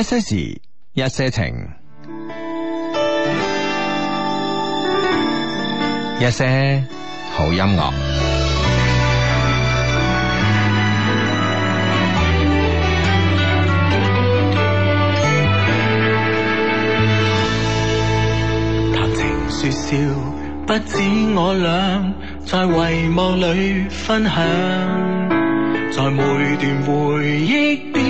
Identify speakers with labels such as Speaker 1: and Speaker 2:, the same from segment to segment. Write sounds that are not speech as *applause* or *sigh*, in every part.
Speaker 1: 一些事，一些情，一些好音樂。
Speaker 2: 談情
Speaker 1: 說笑，不止我倆，在遺忘裏分享，在每段回憶。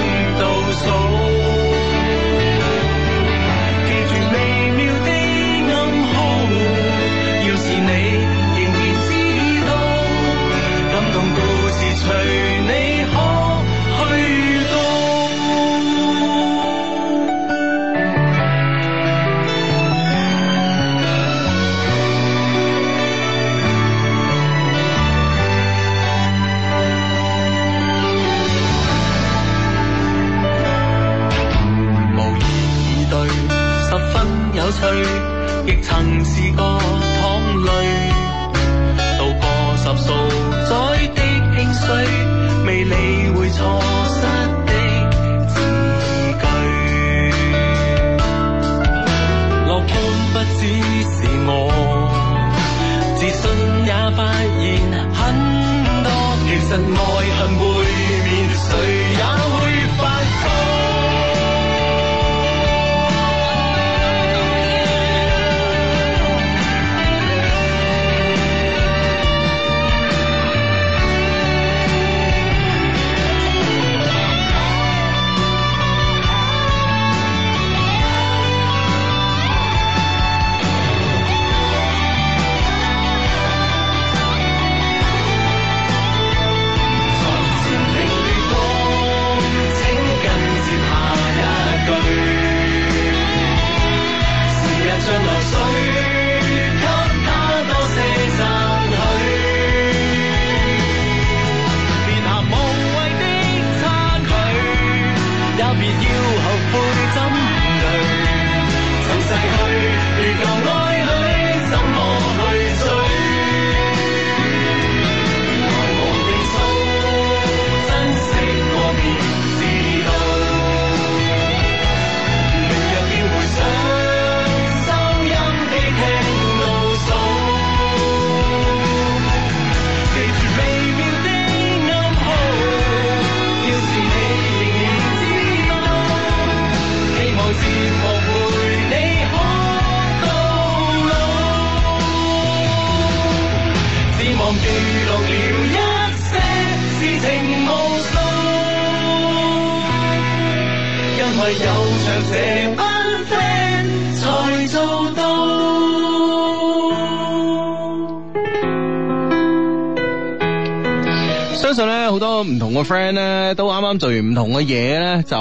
Speaker 1: 亦曾試過淌淚，渡過十數載的興衰，未理會錯失的字句。樂觀不只是我，自信也發現很多。其實愛恨會面水。friend 咧都啱啱做完唔同嘅嘢咧，就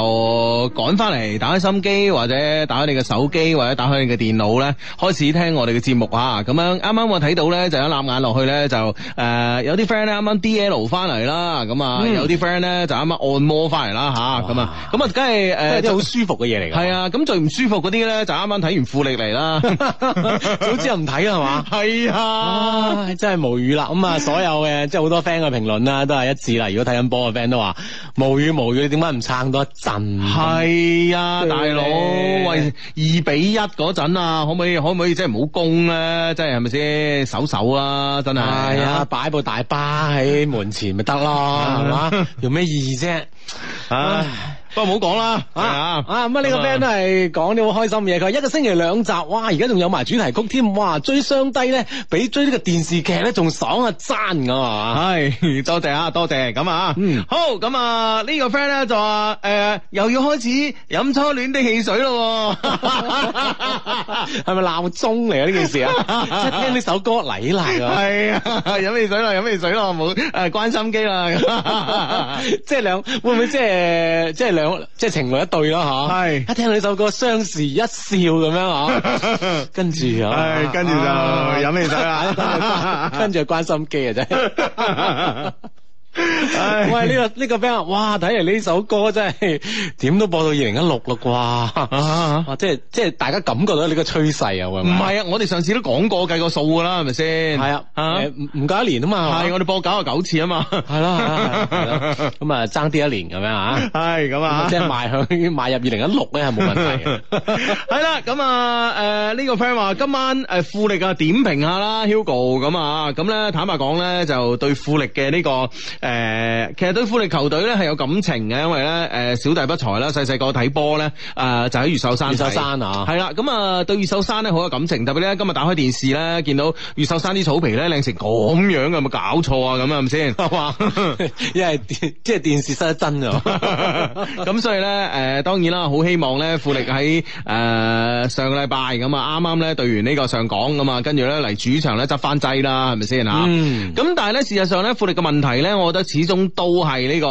Speaker 1: 趕翻。打開心機，或者打開你嘅手機，或者打開你嘅電腦咧，開始聽我哋嘅節目啊！咁樣啱啱我睇到咧，就一攬眼落去咧就誒、呃、有啲 friend 咧啱啱 D L 翻嚟啦，咁啊、嗯、有啲 friend 咧就啱啱按摩翻嚟啦吓，咁啊咁啊，梗係誒即係好舒服嘅嘢嚟噶，係啊！咁最唔舒服嗰啲咧就啱啱睇完富力嚟啦， *laughs* *laughs* 早知又唔睇啦係嘛，係 *laughs* 啊，真係無語啦！咁啊，所有嘅即係好多 friend 嘅評論啦，都係一致啦。如果睇緊波嘅 friend 都話無語無語，點解唔撐多一陣？係。 *laughs* *laughs* *laughs* 呀，大佬喂，二比一嗰陣、就是、對啊，可唔可以可唔可以即係唔好攻咧？即係係咪先守守啊，真係係啊，擺部大巴喺門前咪得咯，係嘛？有咩意義啫？啊、唉。不過唔好講啦，吓啊乜呢個 friend 都係講啲好開心嘅嘢。佢話一個星期兩集，哇！而家仲有埋主題曲添，哇！追雙低咧，比追呢個電視劇咧仲爽，爽啊，爭咁係嘛？多謝啊，多謝咁啊。嗯、好咁啊，呢、呢個 friend 咧就誒、呃、又要開始飲初戀的汽水咯、哦，係咪 *laughs* *laughs* 鬧鐘嚟啊？呢件事 *laughs* 聽啊，即係呢首歌嚟嚟。係啊，飲汽水咯，飲汽水咯，冇誒關心機啦、 *laughs* *laughs* 就是。即係兩會唔會即係即係即係情侶一對咯，吓是，一聽到呢首歌《相視一笑》咁樣，吓， *laughs* 跟住，唉，跟住就飲起身啦，跟住就關心機啊，啫。 *laughs* *laughs* *laughs* 唉 喂，呢、這個呢、這個 friend，哇，睇嚟呢首歌真係點都播到二零一六咯啩？即係即係大家感覺到呢個趨勢啊？唔係嘩啊，嗯、我哋上次都講過計過數噶 *laughs* 啦，係咪先？係 *coughs* 啊，唔唔夠一年啊嘛？係，我哋播九啊九次啊嘛？係 *coughs* 啦，咁啊爭啲一年咁樣啊。係咁啊，即係賣向買入二零一六咧係冇問題。係啦，咁啊誒呢個 friend 話，今晚誒富力啊點評下啦，Hugo 咁啊，咁咧坦白講咧就對富力嘅呢個、這個。誒，其實對富力球隊咧係有感情嘅，因為咧誒小弟不才啦，細細個睇波咧誒就喺越秀山，越秀山啊，係啦，咁啊對越秀山咧好有感情，特別咧今日打開電視咧見到越秀山啲草皮咧靚成咁樣嘅，有冇搞錯啊？咁啊，係咪先？因為，即係電視失咗真啊！咁 *laughs* *laughs* 所以咧誒，當然啦，好希望咧富力喺誒、呃、上個禮拜咁啊，啱啱咧對完呢個上港咁啊，跟住咧嚟主場咧執翻劑啦，係咪先啊？咁、嗯、但係咧事實上咧富力嘅問題咧我。覺得始終都係呢個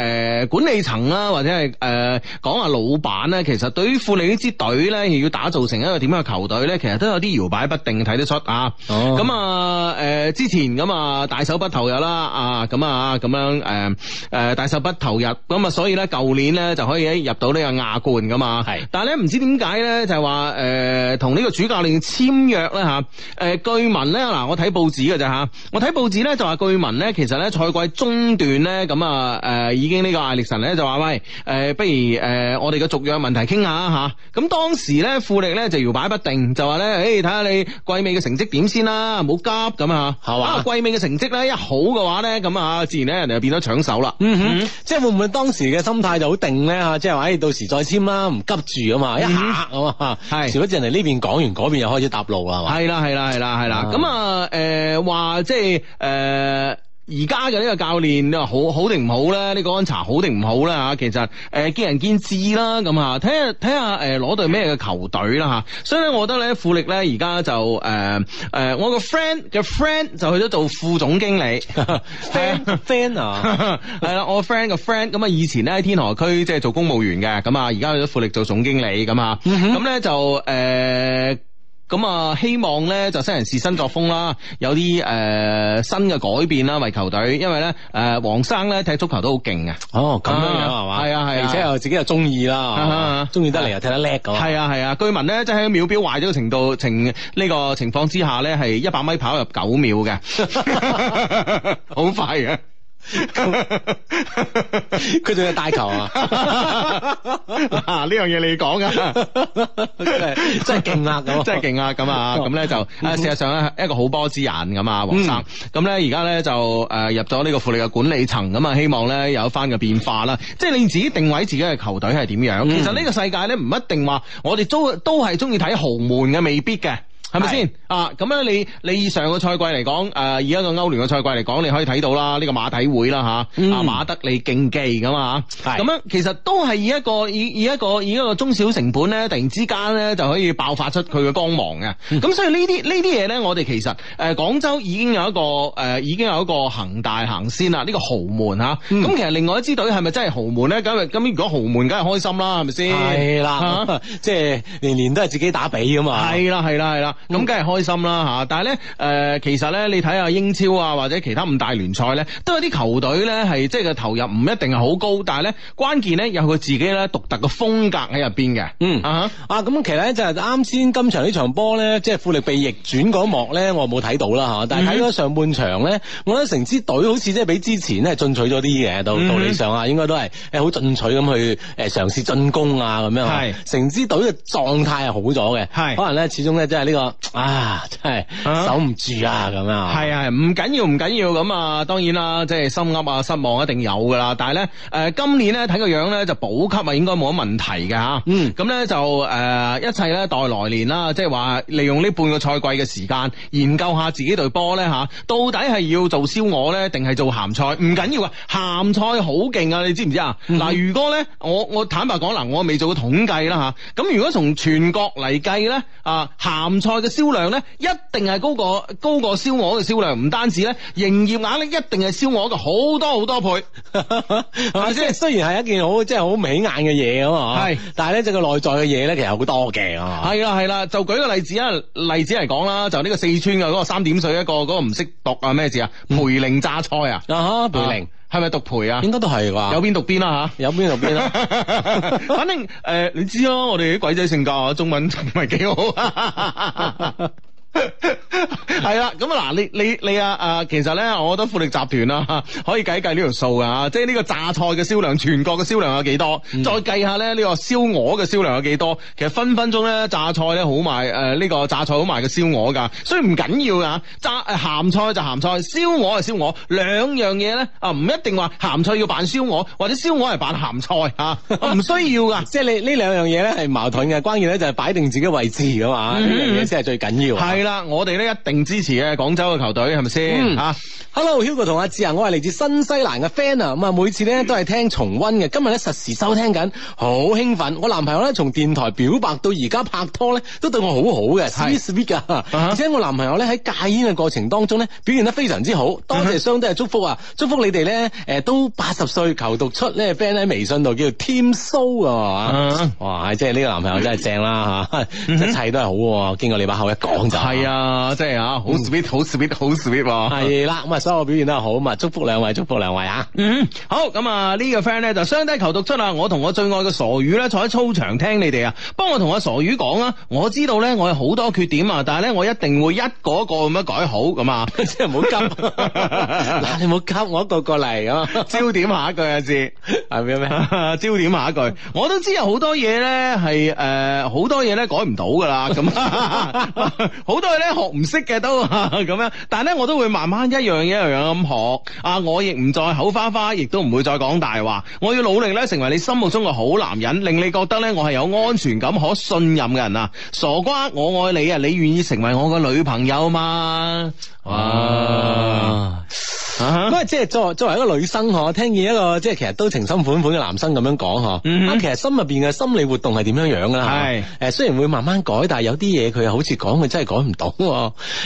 Speaker 1: 誒管理層啦，或者係誒講下老闆咧左邊。其實對於富力呢支隊咧，要打造成一個點樣嘅球隊咧，其實都有啲搖擺不定睇得出啊。咁啊誒，之前咁啊大手筆投入啦啊，咁啊咁樣誒誒大手筆投入，咁啊所以咧舊年咧就可以入到呢個亞冠噶嘛。係，但係咧唔知點解咧就係話誒同呢個主教練簽約咧吓。誒據聞咧嗱，我睇報紙噶咋吓，我睇報紙咧就話據聞咧其實咧賽季中段咧，咁啊，誒、呃，已經呢個艾力神咧就話喂，誒、呃，不如誒，我哋嘅續約問題傾下吓。咁、啊、當時咧富力咧就搖擺不定，就話咧，誒，睇下你季尾嘅成績點先啦，唔好急咁啊吓。季尾嘅成績咧一好嘅話咧，咁啊，自然咧人哋就變咗搶手啦。嗯哼，即係會唔會當時嘅心態就定呢、就是、好定咧吓？即係話誒，到時再簽啦，唔急住啊嘛，嗯、一下啊吓。係，除非人哋呢邊講完，嗰邊又開始搭路啦嘛。係啦係啦係啦係啦，咁、uh. 啊，誒，話即係誒。而家嘅呢個教練你話好好定唔好咧？呢、這個安查好定唔好啦？吓，其實誒見仁見智啦，咁、呃、啊睇下睇下誒攞對咩嘅球隊啦吓，所以咧我覺得咧富力咧而家就誒誒、呃、我個 friend 嘅 friend 就去咗做副總經理，friend、啊、friend 啊係啦，我 friend 嘅 friend 咁啊以前咧喺天河區即係做公務員嘅，咁啊而家去咗富力做總經理咁啊，咁咧就誒。呃咁啊，希望咧就新人試新作風啦，有啲誒、呃、新嘅改變啦，為球隊，因為咧誒黃生咧踢足球都好勁啊，哦吧，咁樣樣係嘛，係啊係啊，啊而且又自己又中意啦，中意、啊啊、得嚟又踢得叻噶。係啊係啊，據聞咧即係喺秒表壞咗嘅程度情呢、這個情況之下咧，係一百米跑入九秒嘅，好 *laughs* *laughs* 快啊。佢仲要帶球啊！呢樣嘢你講㗎， *laughs* 真係真係勁啊，咁真係勁啊，咁啊， *laughs* 咁咧就誒， *laughs* 事實上咧一個好波之眼咁啊，黃生。咁咧而家咧就誒、呃、入咗呢個富力嘅管理層，咁啊希望咧有一番嘅變化啦。即係你自己定位自己嘅球隊係點樣？嗯、其實呢個世界咧唔一定話我哋都都係中意睇豪門嘅，未必嘅。係咪先啊？咁樣，你你以上個賽季嚟講，誒，以一個歐聯嘅賽季嚟講，你可以睇到啦，呢個馬體會啦、啊、吓，啊，馬德里競技咁啊，咁樣其實都係以一個以以一個以一個中小成本咧，突然之間咧就可以爆發出佢嘅光芒嘅。咁所以呢啲呢啲嘢咧，我哋其實誒，廣州已經有一個誒，已經有一個恒大行先啦，呢、這個豪門吓。咁、啊、其實另外一支隊係咪真係豪門咧？咁咁如果豪門，梗係開心啦，係咪先？係啦，即係年年都係自己打比嘅嘛。係、嗯、啦，係啦，係啦。咁梗係開心啦嚇，但係咧誒，其實咧你睇下英超啊或者其他五大聯賽咧，都有啲球隊咧係即係個投入唔一定係好高，但係咧關鍵咧有佢自己咧獨特嘅風格喺入邊嘅。嗯啊咁，其實咧就係啱先今場呢場波咧，即係富力被逆轉嗰一幕咧，我冇睇到啦嚇。但係睇咗上半場咧，嗯、我覺得成支隊好似即係比之前咧進取咗啲嘅，到道理上啊，嗯、應該都係誒好進取咁去誒嘗試進攻啊咁樣。係成支隊嘅狀態係好咗嘅。係是可能咧始終咧即係呢個。啊，真係守唔住啊，咁啊，係係唔緊要唔緊要咁啊，當然啦，即係心噏啊失望一定有噶啦，但係咧誒今年咧睇個樣咧就補給啊應該冇乜問題嘅吓，嗯呢，咁咧就誒、呃、一切咧待來年啦，即係話利用呢半個賽季嘅時間研究下自己隊波咧吓，到底係要做燒鵝咧定係做鹹菜？唔緊要啊，鹹菜好勁啊，你知唔知啊？嗱，嗯、如果咧我我坦白講嗱，我未做過統計啦吓，咁如果從全國嚟計咧啊鹹菜。嘅銷量咧，一定係高過高過燒鵝嘅銷量，唔單止咧，營業額咧一定係燒鵝嘅好多好多倍。即係雖然係一件好即係好唔起眼嘅嘢吖嘛，但係咧即係個內在嘅嘢咧，其實好多嘅。係啦係啦，就舉個例子啊，例子嚟講啦，就呢個四川嘅嗰個三點水一個嗰個唔識讀啊咩字啊，涪陵榨菜啊。啊哈，涪陵。係咪讀培啊？應該都係啩、啊，有邊讀邊啦嚇，啊、有邊讀邊啦、啊。 *laughs* *laughs* 反正誒、呃，你知咯，我哋啲鬼仔性格啊，中文唔係幾好。 *laughs* *laughs* 係 *laughs* 啦，咁啊嗱，你你你啊啊，其實咧，我覺得富力集團啦、啊啊，可以計一計呢條數噶，即係呢個榨菜嘅銷量，全國嘅銷量有幾多？再計下咧，呢個燒鵝嘅銷量有幾多？其實分分鐘咧，榨菜咧好賣誒，呢、啊這個榨菜好賣嘅燒鵝噶，所以唔緊要噶，榨、啊、鹹菜就鹹菜，燒鵝係燒鵝，兩樣嘢咧啊，唔一定話鹹菜要扮燒鵝，或者燒鵝係扮鹹菜啊，唔 *laughs* 需要噶，即、就、係、是、你呢兩樣嘢咧係矛盾嘅，關鍵咧就係擺定自己位置噶嘛，呢、啊、樣嘢先係最緊要。 *laughs* *laughs* 啦，我哋咧一定支持嘅廣州嘅球隊，係咪先吓？Hello Hugo 同阿志啊，我係嚟自新西蘭嘅 fan 啊，咁啊每次咧都係聽重温嘅，今日咧實時收聽緊，好興奮！我男朋友咧從電台表白到而家拍拖咧，都對我好好嘅 sweet sweet 噶，而且我男朋友咧喺戒煙嘅過程當中咧表現得非常之好，多謝雙都係祝福啊！祝福你哋咧，誒都八十歲求讀出呢個，friend 喺微信度叫做 Team Show 啊，哇！哇！即係呢個男朋友真係正啦吓，一切都係好，經過你把口一講就。係啊，真係啊，好 sweet，好 sweet，好 sweet。係啦，咁啊，所以我表現得好啊，祝福兩位，祝福兩位啊。嗯，好，咁啊，呢個 friend 咧就相低求讀出啦。我同我最愛嘅傻魚咧坐喺操場聽你哋啊，幫我同阿傻魚講啊，我知道咧我有好多缺點啊，但係咧我一定會一個一個咁樣改好咁啊。即係唔好急，嗱， *laughs* *laughs* *laughs* 你唔好急，我一個一個過嚟， *laughs* 焦點下一句啊字係咩？咩？ *laughs* 焦點下一句，我都知有好多嘢咧係誒，好，呃，好多嘢咧改唔到噶啦，咁好。 *laughs* 所以咧學唔識嘅都咁樣，啊，但係咧我都會慢慢一樣樣一樣樣咁學啊！我亦唔再口花花，亦都唔會再講大話。我要努力咧成為你心目中嘅好男人，令你覺得咧我係有安全感，可信任嘅人啊！傻瓜，我愛你啊！你願意成為我嘅女朋友嘛？啊！因為即係作作為一個女生嗬，我聽見一個即係其實都情深款款嘅男生咁樣講嗬，啊、uh huh. 其實心入邊嘅心理活動係點樣樣啦係？誒、uh huh. 雖然會慢慢改，但係有啲嘢佢又好似講佢真係改唔到，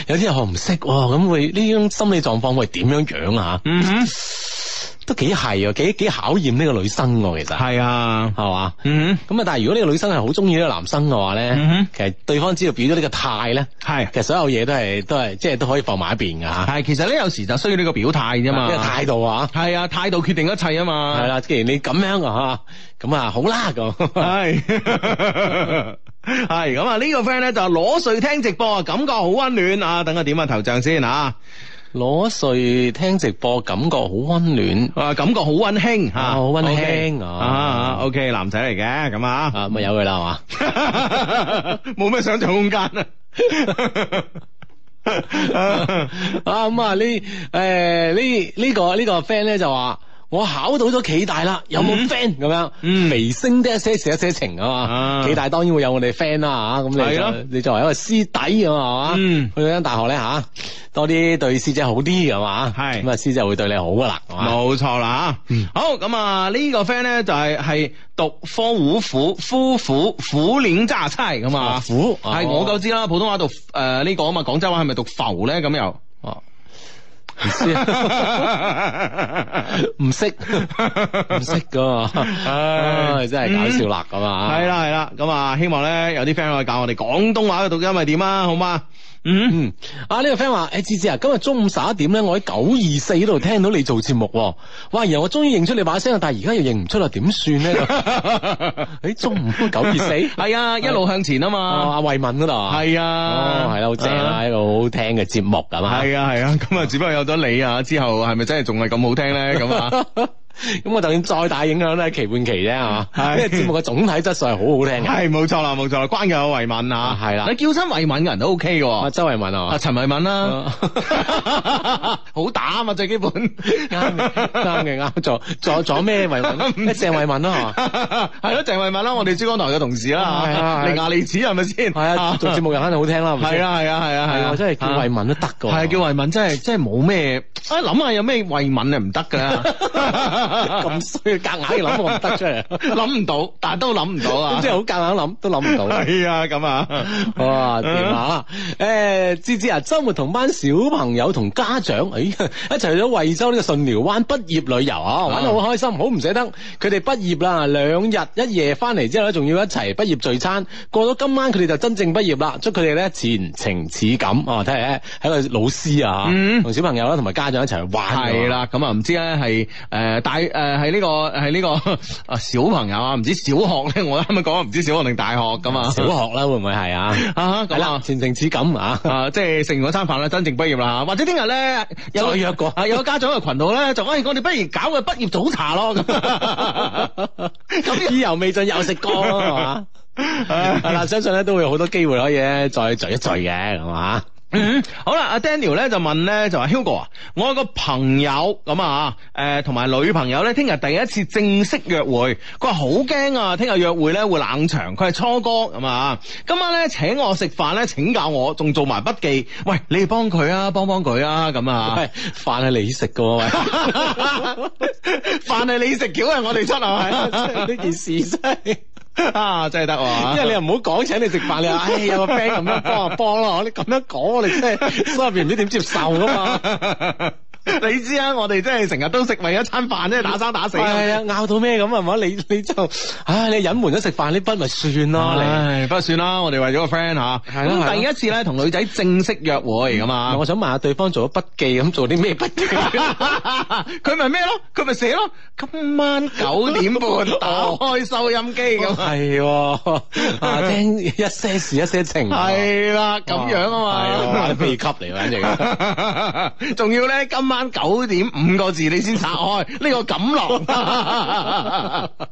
Speaker 1: 有啲人我唔識咁會呢種心理狀況會點樣樣啊吓？Uh huh. *laughs* 都幾係啊，幾幾考驗呢個女生㗎，其實係啊，係嘛，嗯，咁啊，但係如果呢個女生係好中意呢個男生嘅話咧，其實對方只要表咗呢個態咧，係，其實所有嘢都係都係即係都可以放埋一邊噶吓。係，其實咧有時就需要呢個表態啫嘛，呢個態度啊，係啊，態度決定一切啊嘛。係啦，既然你咁樣啊，咁啊好啦咁，係，係咁啊呢個 friend 咧就攞睡聽直播啊，感覺好溫暖啊，等我點下頭像先啊。攞睡，聽直播感覺好溫暖，啊感覺好溫馨吓，好溫馨啊。OK 男仔嚟嘅咁啊，咪有佢啦係嘛，冇咩想象空間啊。啊咁、okay，啊呢誒呢呢個呢個 friend 咧就話。我考到咗暨大啦，有冇 friend 咁樣？微升啲一些事，一些情啊嘛。暨大當然會有我哋 friend 啦嚇，咁你、啊、你作為一個師弟啊嘛，嗯、去到間大學咧嚇，多啲對師姐好啲啊嘛嚇。咁啊是，師姐會對你好噶、嗯、吧啦。冇錯啦嚇。好咁啊，呢個 friend 咧就係係讀科虎虎夫虎虎鏈揸差嚟噶嘛。哦、虎係我都知啦，普通話讀誒呢個啊嘛，廣州話係咪讀浮咧咁又？唔知 *laughs* *laughs* 唉啊，唔識，唔識噶嘛，真係搞笑啦咁啊，係啦係啦，咁啊，希望咧有啲 friend 可以教我哋廣東話嘅讀音係點啊，好嗎？嗯，mm hmm. 啊呢、這個 friend 話，誒志志啊，今日中午十一點咧，我喺九二四度聽到你做節目。哦，哇！而我終於認出你把聲，但係而家又認唔出啦，點算咧？誒、 *laughs* 欸，中午九二四，係啊，一路向前啊嘛，阿、哦、慧敏嗰度，係啊，係啦，哦，好正啊，一路好好聽嘅節目咁啊，係啊係啊，咁啊只不過有咗你啊之後，係咪真係仲係咁好聽咧？咁啊。咁我就算再大影響都係期半期啫，係嘛？因為節目嘅總體質素係好好聽嘅，係冇錯啦，冇錯，關鍵係慧敏啊，係啦，你叫身慧敏嘅人都 OK 嘅，周慧敏啊，陳慧敏啦，好打啊嘛，最基本，啱嘅，啱嘅，啱。做做咩慧敏？咩鄭慧敏啊？係咯，鄭慧敏啦，我哋珠江台嘅同事啦，伶牙俐齒係咪先？係啊，做節目又肯定好聽啦，係啊，係啊，係啊，我真係叫慧敏都得嘅，係叫慧敏真係真係冇咩，啊諗下有咩慧敏係唔得嘅。咁衰，夾硬要諗我唔得出嚟，諗唔到，但係都諗唔到啦，即係好夾硬諗都諗唔到。係啊，咁啊，哇，點啊？誒，芝芝啊，周末同班小朋友同家長，哎呀，一齊去咗惠州呢個順寮灣畢業旅遊哦，玩到好開心，好唔捨得。佢哋畢業啦，兩日一夜翻嚟之後咧，仲要一齊畢業聚餐。過咗今晚，佢哋就真正畢業啦。祝佢哋咧前程似錦哦！睇下喺個老師啊，同小朋友啦，同埋家長一齊玩。係啦，咁啊，唔知咧係誒。大誒係呢個係呢個啊小朋友啊，唔知小學咧，我啱啱講唔知小學定大學噶啊。小學啦，會唔會係啊？啊，前程似錦啊！即係食完嗰餐飯啦，真正畢業啦，或者聽日咧有約過， *laughs* 有家長喺群度咧，就可以我哋不如搞個畢業早茶咯，咁意猶未盡又食過係嘛？係啦、 *laughs* right?，相信咧都會有好多機會可以咧再聚一聚嘅，係嘛？嗯，好啦，阿 Daniel 咧就問咧就話 Hugo 啊，go, 我有個朋友咁啊，誒、呃，同埋女朋友咧，聽日第一次正式約會，佢話好驚啊，聽日約會咧會冷場，佢係初哥咁啊，今晚咧請我食飯咧，請教我，仲做埋筆記，喂，你幫佢啊，幫幫佢啊，咁啊，飯係你食噶，喂，
Speaker 2: 飯
Speaker 1: *laughs* 係你食，料係我哋出係咪？呢 *laughs* 件事真係。啊，真係得喎！因為你又唔好講請你食飯， *laughs* 你話哎有個 friend 咁樣幫，幫啊幫咯， *laughs* 你咁樣講、啊，你真係 *laughs* 心入邊唔知點接受噶、啊、嘛～ *laughs* 你知啊，我哋真係成日都食為一餐飯，即、就、係、是、打生打死。係啊、哎，拗到咩咁係嘛？你你就唉、哎，你隱瞞咗食飯呢筆咪算咯，你筆算啦。我哋為咗個 friend 嚇。咁、啊、第一次咧，同女仔正式約會咁啊，嗯、嘛我想問下對方做咗筆記，咁做啲咩筆記？佢咪咩咯？佢咪寫咯，今晚九點半打開收音機咁。係喎、 *laughs* *laughs* 啊，聽、啊、一些事，一些情。係啦、 *laughs* 啊，咁樣， *laughs* 是樣啊嘛。係啊，鼻吸嚟，反正。仲是要咧，今晚。翻九點五個字，你先拆開呢個錦囊。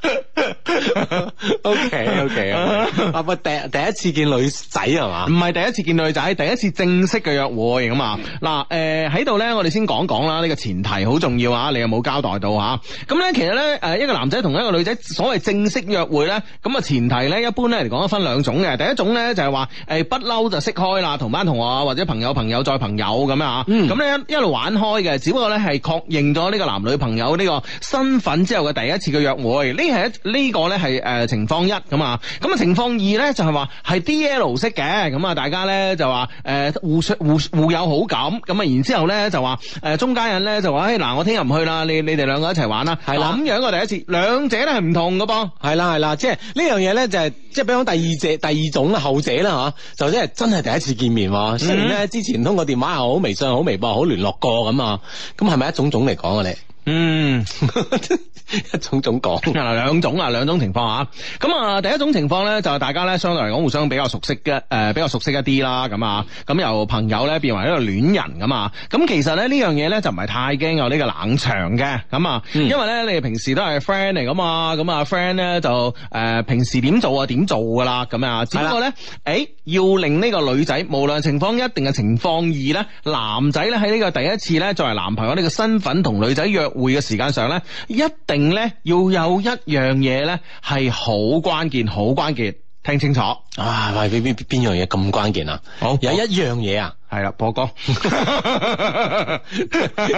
Speaker 1: O K O K 啊，我第第一次見女仔係嘛？唔係第一次見女仔，第一次正式嘅約會咁啊！嗱，誒喺度呢，我哋先講講啦，呢個前提好重要啊！你有冇交代到啊？咁呢，其實呢，誒一個男仔同一個女仔所謂正式約會呢，咁啊前提呢，一般呢嚟講分兩種嘅，第一種呢，就係話誒不嬲就識開啦，同班同學或者朋友朋友再朋友咁樣啊，咁、嗯、呢，一路玩開嘅，只不過呢，係確認咗呢個男女朋友呢個身份之後嘅第一次嘅約會係呢個咧係誒情況一咁啊，咁啊情況二咧就係話係 D L 式嘅，咁啊大家咧就話誒、呃、互相互互有好感，咁啊然之後咧就話誒、呃、中間人咧就話誒，嗱我聽日唔去啦，你你哋兩個一齊玩啦，係啦咁樣個第一次，兩者咧係唔同嘅噃，係啦係啦，即係呢樣嘢咧就係即係，比如講第二者、第二種後者啦吓，就即、是、係真係第一次見面，雖然咧之前通過電話又好、微信又好、微博好聯絡過咁啊，咁係咪一種種嚟講啊你？嗯， *laughs* 一種種講， *laughs* 啊兩種啊兩種情況吓，咁啊第一種情況咧就係、是、大家咧相對嚟講互相比較熟悉嘅，誒、呃、比較熟悉一啲啦，咁啊咁由朋友咧變為一個戀人噶嘛，咁、啊、其實咧呢樣嘢咧就唔係太驚有呢個冷場嘅，咁啊、嗯、因為咧你哋平時都係 friend 嚟噶嘛，咁啊 friend 咧就誒、呃、平時點做，做啊點做噶啦，咁啊了只不過咧誒、欸、要令呢個女仔無論情況一定嘅情況二咧男仔咧喺呢個第一次咧作為男朋友呢個身份同女仔約。會嘅時間上咧，一定咧要有一樣嘢咧，係好關鍵，好關鍵，聽清楚。啊，喂，邊邊邊樣嘢咁關鍵啊？好有一樣嘢啊，係啦，播歌，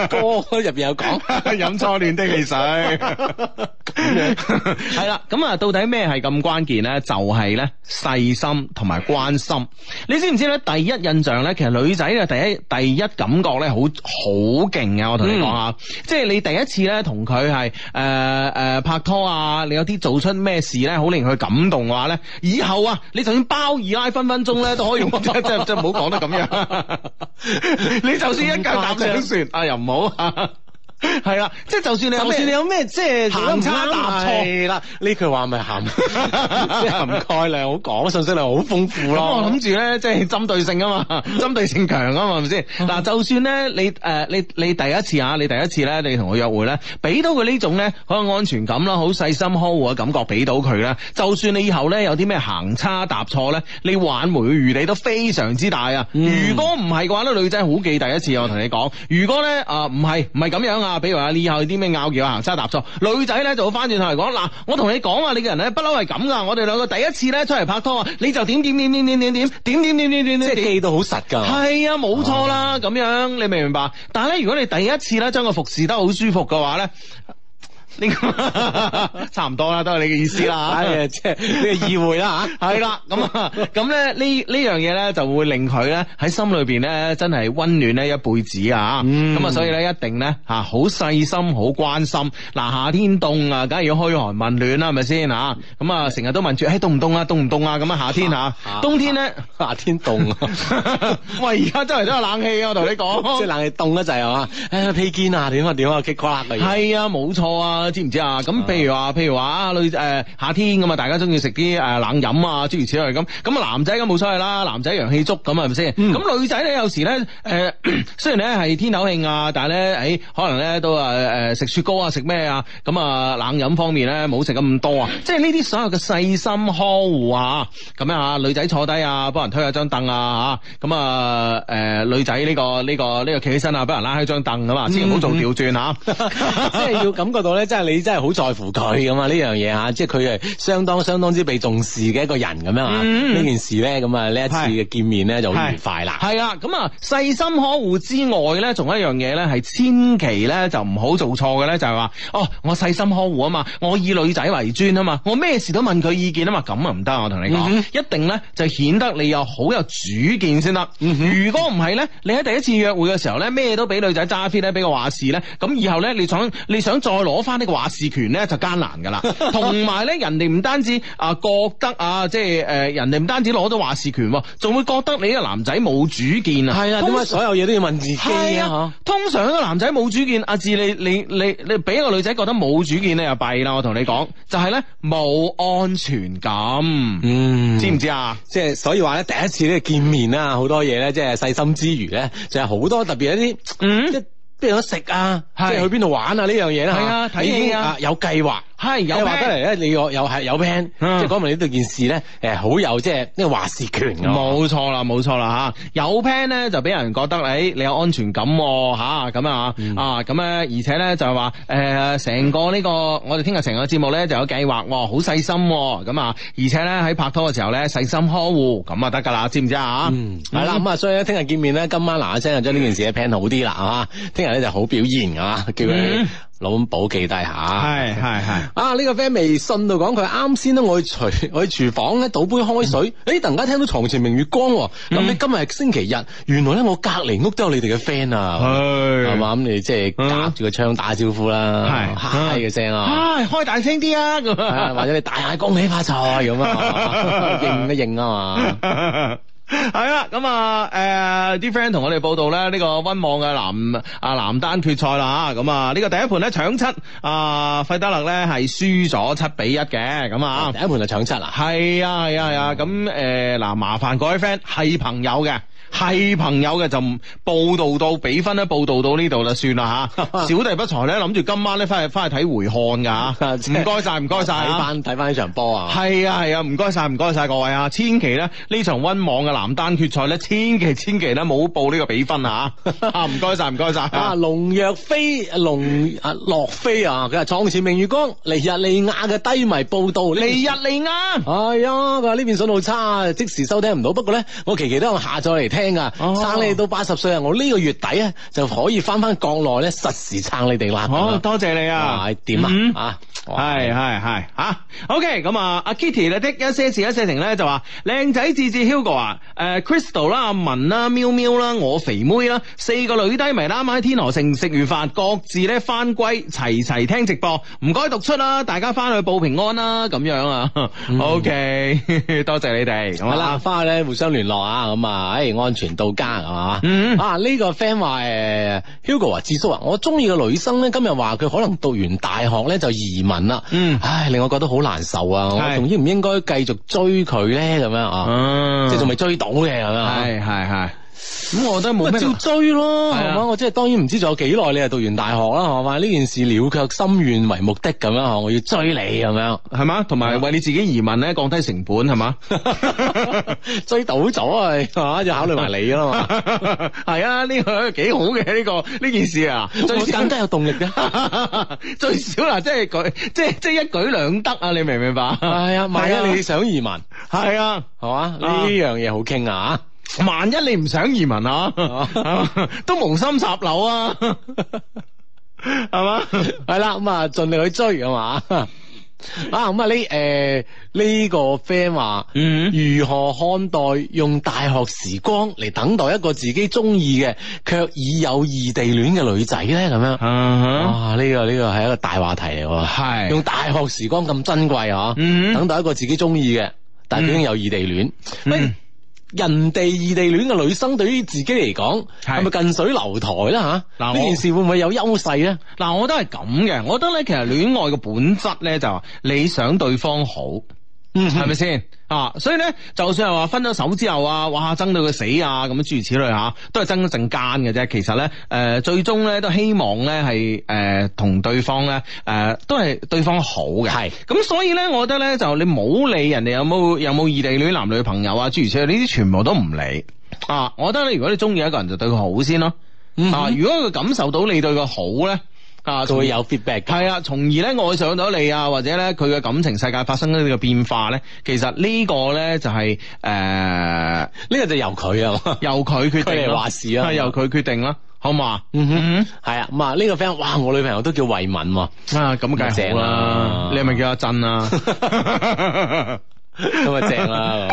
Speaker 1: 歌入邊有講飲初戀的汽水，係啦。咁 *laughs* 啊， *laughs* *laughs* 到底咩係咁關鍵咧？就係、是、咧細心同埋關心。你知唔知咧？第一印象咧，其實女仔嘅第一第一感覺咧，好好勁啊。我同你講下，嗯、即係你第一次咧同佢係誒誒拍拖啊，你有啲做出咩事咧，好令佢感動嘅話咧，以後啊，你就等包二奶分分鐘咧都可以用， *laughs* 即係即係唔好講得咁樣，
Speaker 2: *laughs* *laughs* 你就算一腳踏兩船，
Speaker 1: 啊又唔好.。 *laughs* 係啦，即係就算你有咩，就算你有咩，即係行差踏錯，啦呢錯句話咪涵，即係涵蓋量好廣，信息量好豐富咯。我諗住咧，即係針對性啊嘛，針 *laughs* 對性強啊嘛，係咪先？嗱， *laughs* 就算咧你誒，你、呃、你第一次啊，你第一次咧，你同佢約會咧，俾到佢呢種咧，好有安全感啦，好細心呵護嘅感覺俾到佢啦。就算你以後咧有啲咩行差踏錯咧，你挽回嘅餘地都非常之大啊。如果唔係嘅話咧，女仔好記第一次，我同你講。如果咧啊，唔係唔係咁樣啊。啊，比如話你以後啲咩拗撬啊，行差踏錯，女仔咧就翻轉頭嚟講，嗱，我同你講啊，你個人咧不嬲係咁噶，我哋兩個第一次咧出嚟拍拖啊，你就點點點點點點點點點點點點，即係記到好實噶，係啊，冇錯啦，咁樣你明唔明白？但係咧，如果你第一次咧將佢服侍得好舒服嘅話咧。 *laughs* 差唔多啦，都係你嘅意思啦，即係呢個意會啦嚇。係啦，咁啊，咁咧呢呢樣嘢咧就會令佢咧喺心裏邊咧真係溫暖咧一輩子啊！咁、嗯、啊，所以咧一定咧嚇好細心，好關心。嗱，夏天凍啊，梗係要噓寒問暖啦，係咪先啊？咁、哎、啊，成日都問住，唉，凍唔凍啊？凍唔凍啊？咁啊，夏天啊， *laughs* 冬天咧呢？夏天凍啊！喂，而家周圍都有冷氣啊！我同你講，即係冷氣凍一陣係嘛？唉、哎，披肩啊，點啊點啊，幾垮甩啊，冇錯啊！知唔知啊？咁譬如話，譬如話啊女誒夏天咁啊，大家中意食啲誒冷飲啊，諸如此類咁。咁啊男仔咁冇所謂啦，男仔陽氣足咁啊，係咪先。咁、嗯、女仔咧有時咧誒、呃，雖然咧係天口慶啊，但係咧誒可能咧都誒誒食雪糕食、呃、啊，食、呃、咩啊？咁啊冷飲方面咧冇食咁多啊。即係呢啲所有嘅細心呵護啊，咁樣啊女仔坐低啊，幫人推下張凳啊吓。咁啊誒女仔呢個呢個呢個企起身啊，幫人拉開張凳咁啊，千祈唔好做調轉吓。即係要感覺到咧。即係你真係好在乎佢咁啊，呢樣嘢吓，即係佢係相當相當之被重視嘅一個人咁樣啊，呢件事咧，咁啊呢一次嘅見面咧就愉快啦。係啊，咁啊細心呵護之外咧，仲有一樣嘢咧，係千祈咧就唔好做錯嘅咧，就係、是、話哦，我細心呵護啊嘛，我以女仔為尊啊嘛，我咩事都問佢意見啊嘛，咁啊唔得，我同你講，嗯、哼一定咧就顯得你又好有主見先得。嗯、 *laughs* 如果唔係咧，你喺第一次約會嘅時候咧，咩都俾女仔揸 fit 咧，俾個話事咧，咁以後咧你想你想再攞翻。 *laughs* 呢個話事權咧就艱難噶啦，同埋咧人哋唔單止啊覺得啊，即係誒人哋唔單止攞到話事權，仲會覺得你呢個男仔冇主見啊！係啊常，點解所有嘢都要問自己啊？啊通常呢個男仔冇主見，阿志你你你你俾一個女仔覺得冇主見咧又弊啦，我同你講，就係咧冇安全感，嗯、知唔知啊？即係所以話咧，第一次呢個見面啦，好多嘢咧，即係細心之餘咧，就係、是、好多特別一啲嗯。邊度有得食啊？是即係去邊度玩啊？呢樣嘢啦係啊，睇嘢啊，有計劃。係是有話班得嚟咧，你我又係有 plan，、啊、即係講明呢度件事咧，誒好有即係呢個話事權咯。冇錯啦，冇錯啦嚇，有 plan 咧就俾人覺得誒、欸、你有安全感嚇咁啊啊咁咧、啊啊，而且咧就係話誒成個呢、這個、嗯、我哋聽日成個節目咧就有計劃喎，好細心咁啊，啊，而且咧喺拍拖嘅時候咧細心呵護咁啊得噶啦，知唔知啊？嗯，係啦，咁啊，所以咧聽日見面咧，今晚嗱嗱聲就將呢件事 plan 好啲啦，嚇、啊！聽日咧就好表現啊，叫佢。嗯攞本筆記低吓，係係係啊！呢、啊、這個 friend 微信度講佢啱先咧，我去廚，我去廚房咧倒杯開水，誒、嗯欸，突然間聽到床前明月光，咁、啊啊嗯啊、你今日係星期日，原來咧我隔籬屋都有你哋嘅 friend 啊，係嘛？咁你即係隔住個窗打招呼啦，是嗨嘅聲啊，嗨、啊、開大聲啲啊， *laughs* *laughs* 或者你大嗌恭喜發財咁啊，應 *laughs* 一應認啊嘛。 *laughs* 係、呃這個、啊，咁啊，誒，啲 friend 同我哋報道咧，呢個溫網嘅男啊，男單決賽啦，咁啊，呢個第一盤咧搶七，阿、啊、費德勒咧係輸咗七比一嘅，咁啊，第一盤就搶七啦，係啊係啊係啊，咁誒、啊，嗱、啊嗯呃，麻煩各位 friend 係朋友嘅。係朋友嘅就報道到比分咧，報道到呢度啦，算啦吓。小弟不才咧，諗住今晚咧翻去翻去睇回看噶吓。唔該晒，唔該晒。睇翻睇翻呢場波啊！係啊係啊，唔該晒，唔該晒各位啊！千祈咧呢場溫網嘅男單決賽咧，千祈千祈咧冇報呢個比分吓。啊，唔該晒，唔該晒。啊，龍躍飛，龍啊，洛飛啊，佢係創前明月光。尼日利亞嘅低迷報道， *laughs* 尼日利亞。係啊、哎，佢話呢邊信號差，即時收聽唔到。不過咧，我期期都有下載嚟聽。聽啊，撐你到八十歲啊！我呢個月底啊就可以翻翻國內咧，實時撐你哋啦。好，多謝你啊！點啊？啊，係係係吓。OK，咁啊，阿 Kitty 咧的一些事一些情咧就話，靚仔智智 Hugo 啊，誒 Crystal 啦、阿文啦、喵喵啦、我肥妹啦，四個女低迷啦，啱喺天河城食完飯，各自咧翻歸，齊齊聽直播。唔該讀出啦，大家翻去報平安啦，咁樣啊。OK，多謝你哋。好啦，翻去咧互相聯絡啊。咁啊，誒我。安全到家係嘛？嗯、啊呢、呢個 friend 話誒，Hugo 話、啊、智叔啊，我中意嘅女生咧，今日話佢可能讀完大學咧就移民啦，嗯，唉令我覺得好難受啊，是我仲應唔應該繼續追佢咧咁樣啊，嗯、即係仲未追到嘅咁樣，係係係。咁我覺得冇咩，要追咯，係嘛？我即係當然唔知仲有幾耐你係讀完大學啦，可唔可以？呢件事了卻心願為目的咁樣，我要追你咁樣，係嘛？同埋為你自己移民咧，降低成本係嘛？追到咗係嘛？就考慮埋你啊嘛？係啊，呢個幾好嘅呢個呢件事啊，最更加有動力嘅。最少嗱，即係舉，即係即係一舉兩得啊！你明唔明白？係啊，萬一你想移民，係啊，係嘛？呢樣嘢好傾啊！萬一你唔想移民啊， *laughs* 都無心插柳啊，係 *laughs* 嘛吧？係啦， *laughs* 咁、嗯、啊，盡力去追啊嘛。 *laughs* 啊，咁、嗯、啊，呢誒呢個 friend、這個、話，如何看待用大學時光嚟、啊嗯、等待一個自己中意嘅，卻已有異地戀嘅女仔咧？咁樣，啊，呢個呢個係一個大話題嚟喎。係用大學時光咁珍貴啊，等待一個自己中意嘅，但係已經有異地戀，人哋異地戀嘅女生對於自己嚟講係咪近水樓台咧吓？呢看件事會唔會有優勢咧？嗱，我都係咁嘅，我覺得咧，其實戀愛嘅本質咧就係你想對方好。嗯，係咪先啊？所以咧，就算係話分咗手之後啊，哇，爭到佢死啊，咁樣諸如此類吓，都係爭一陣間嘅啫。其實咧，誒、呃，最終咧都希望咧係誒同對方咧誒、呃、都係對方好嘅。係、嗯哼。咁所以咧，我覺得咧就你冇理人哋有冇有冇異地戀男女朋友啊，諸如此類呢啲全部都唔理啊。我覺得咧，如果你中意一個人，就對佢好先咯。嗯、哼啊，如果佢感受到你對佢好咧。啊，就會有 feedback。係啊，從而咧愛上到你啊，或者咧佢嘅感情世界發生咗呢個變化咧，其實個呢個咧就係、是、誒，呢、呃、個就由佢啊，由佢決定話事啊， *laughs* 啊由佢決定啦、啊，好唔好嘛？嗯哼、哼，係啊，咁啊呢個 friend，哇！我女朋友都叫慧敏喎，啊咁梗係正啦，啊、 *laughs* 你係咪叫阿珍啊？咁啊 *laughs* 正啦。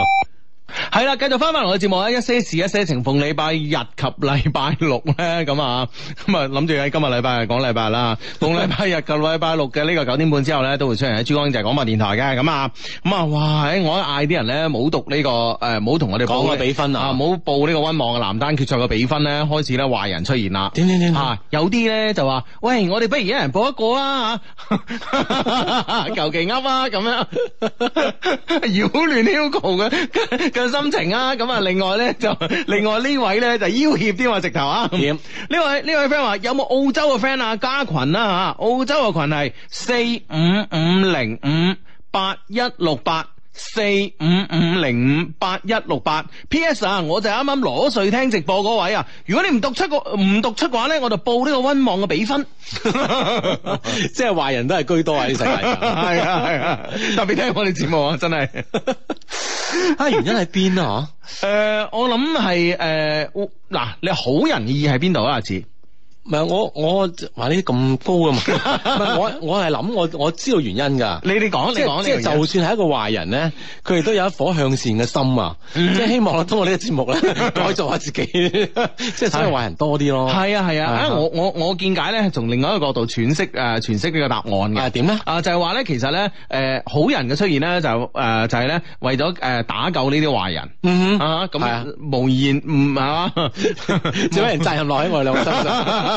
Speaker 1: 係啦，繼續翻翻我嘅節目啦，一些事一些情。逢禮拜日及禮拜六咧，咁啊，咁啊，諗住喺今日禮拜日講禮拜啦。逢禮拜日及禮拜六嘅呢個九點半之後咧，都會出現喺珠江經濟廣播電台嘅。咁啊，咁啊，哇！我嗌啲人咧，冇讀呢、這個誒，冇、呃、同我哋講個比分啊，冇、啊、報呢個溫網嘅男單決賽嘅比分咧，開始咧壞人出現啦。點點點啊，有啲咧就話，喂，我哋不如一人報一個啊，求其噏啊，咁樣擾亂 Hugo 嘅。 *laughs* *laughs* 心情啊，咁啊，另外咧就另外呢位咧就要挾啲啊，直頭啊，呢天 *laughs* 位呢位 friend 話有冇澳洲嘅 friend 啊加群啦、啊、吓，澳洲嘅群係四五五零五八一六八。8四五五零五八一六八，P.S. 啊，我就啱啱攞稅聽直播嗰位啊，如果你唔讀出個唔讀出嘅話咧，我就報呢個溫網嘅比分。 *laughs* 即係壞人都係居多啊！呢 *laughs* 世界係啊係啊， *laughs* *laughs* 特別聽我哋節目啊，真係 *laughs* 啊，原因喺邊啊？誒、 *laughs* uh,，我諗係誒，嗱，你好仁義喺邊度啊？阿子。唔係我我話呢啲咁高啊嘛！唔係我我係諗我我知道原因㗎。你哋講，你講，你就算係一個壞人咧，佢哋都有一顆向善嘅心啊！即係希望咧，通過呢個節目咧，改造下自己，即係使壞人多啲咯。係啊係啊！我我我見解咧，從另外一個角度詮釋誒詮釋呢個答案嘅。啊點咧？啊就係話咧，其實咧誒好人嘅出現咧就誒就係咧為咗誒打救呢啲壞人。嗯哼啊咁，無言唔係嘛？就畀人責任落喺我哋兩個身上？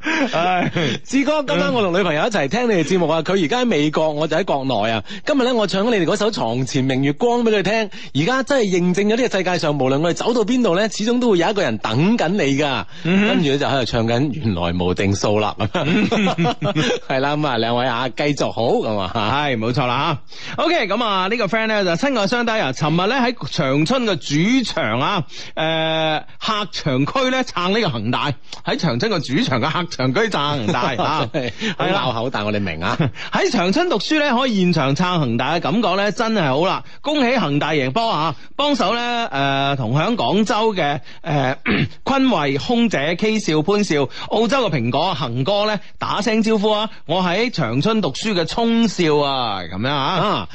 Speaker 1: 唉，志哥，今晚我同女朋友一齊聽你哋節目啊！佢而家喺美國，我就喺國內啊！今日咧，我唱你哋嗰首《床前明月光》俾佢聽，而家真係認證咗呢個世界上，無論我哋走到邊度咧，始終都會有一個人等緊你噶。跟住咧就喺度唱緊《原來無定數》啦，係啦，咁啊兩位啊，繼續好咁啊，係冇 *laughs* 錯啦啊。OK，咁啊呢個 friend 咧就親愛相低啊，尋日咧喺長春嘅主場啊，誒、呃、客場區咧撐呢個恒大喺長春嘅主場嘅客。長居撐恒大嚇，好、 *laughs* 嗯、 *laughs* 拗口，但 *laughs* 我哋明啊！喺 *laughs* 長春讀書咧，可以現場撐恒大嘅感覺咧，真係好啦！恭喜恒大贏波啊！幫手咧，誒同響廣州嘅誒、呃、坤惠空姐 K 少、潘少、澳洲嘅蘋果恒哥咧打聲招呼啊！我喺長春讀書嘅聰少啊，咁樣啊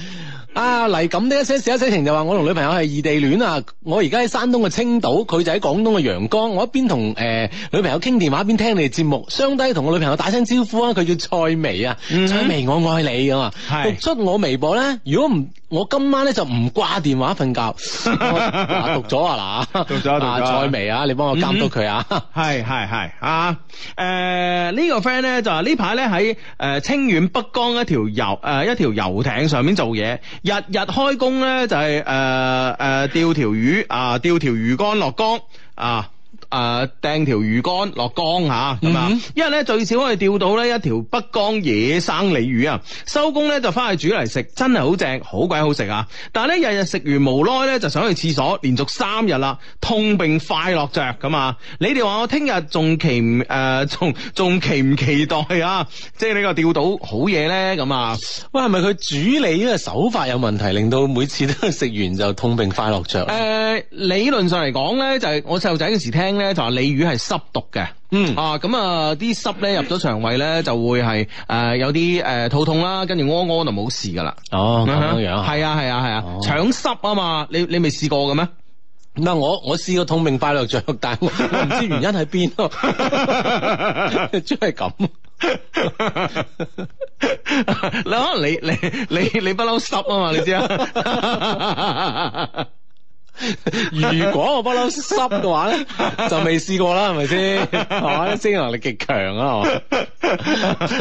Speaker 1: 啊嚟咁呢，嗯 *laughs* 哎、一些事一些情，就話我同女朋友係異地戀啊！我而家喺山東嘅青島，佢就喺廣東嘅陽江，我一邊同誒、呃、女朋友傾電話，一邊聽你哋節目。雙低同我女朋友打聲招呼啊！佢叫蔡薇啊，蔡薇，我愛你咁啊！讀出我微博咧，如果唔我今晚咧就唔掛電話瞓覺。讀咗啊嗱，讀咗阿蔡薇啊，你幫我監督佢啊！係係係啊！誒呢個 friend 咧就話呢排咧喺誒清遠北江一條遊誒一條遊艇上面做嘢，日日開工咧就係誒誒釣條魚啊，釣條魚竿落江啊！誒，掟條、啊、魚竿落江吓，咁啊，一日咧最少可以釣到咧一條北江野生鯉魚啊！收工咧就翻去煮嚟食，真係好正，好鬼好食啊！但係咧日日食完無耐咧就想去廁所，連續三日啦，痛並快樂着。咁啊！你哋話我聽日仲期唔誒，仲仲期唔期待啊？即係呢個釣到好嘢咧？咁啊，就是、啊喂，係咪佢煮鯉嘅手法有問題，令到每次都食完就痛並快樂着？誒、啊，理論上嚟講咧，就係、是、我細路仔嗰時聽咧。咧就話鯉魚係濕毒嘅，嗯啊咁啊啲濕咧入咗腸胃咧就會係誒、呃、有啲誒、呃、肚痛啦，跟住屙屙就冇事噶啦。哦咁樣樣係啊係啊係啊，腸濕啊，啊，啊，啊、哦、啊嘛，你你，你未試過嘅咩？嗱我我試過痛命快樂着，但係我唔知原因喺邊咯， *laughs* *laughs* 真係咁、啊。你 *laughs* 可能你你你你不嬲濕啊嘛，你知啊？ *laughs* *laughs* 如果我濕 *laughs* 是不嬲濕嘅話咧，就未試過啦，係咪先？哇，適應能力極強啊！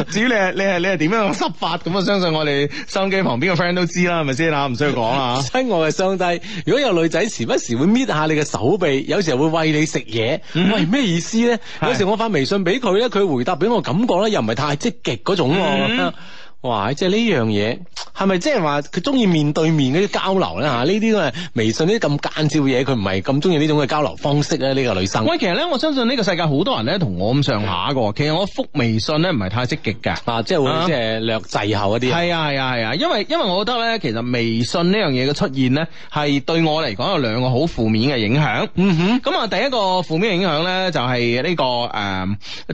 Speaker 1: 至於你係你係你係點樣濕法咁啊？相信我哋收音機旁邊嘅 friend 都知啦，係咪先啊？唔 *laughs* 需要講啊！親 *laughs* 愛嘅相低，如果有女仔時不時會搣下你嘅手臂，有時候會餵你、嗯、餵你食嘢，餵咩意思咧？有時我發微信俾佢咧，佢回答俾我感覺咧，又唔係太積極嗰種。嗯 *laughs* 哇！即係呢樣嘢係咪即係話佢中意面對面嗰啲交流咧嚇？呢、啊、啲都係微信呢啲咁間照嘢，佢唔係咁中意呢種嘅交流方式咧。呢、這個女生，喂，其實咧，我相信呢個世界好多人咧同我咁上下嘅。其實我覆微信咧唔係太積極嘅，啊，即係會即係、啊、略滯後一啲。係啊係啊係啊！因為因為我覺得咧，其實微信呢樣嘢嘅出現咧，係對我嚟講有兩個好負面嘅影響。嗯哼，咁啊、嗯，第一個負面影響咧就係呢個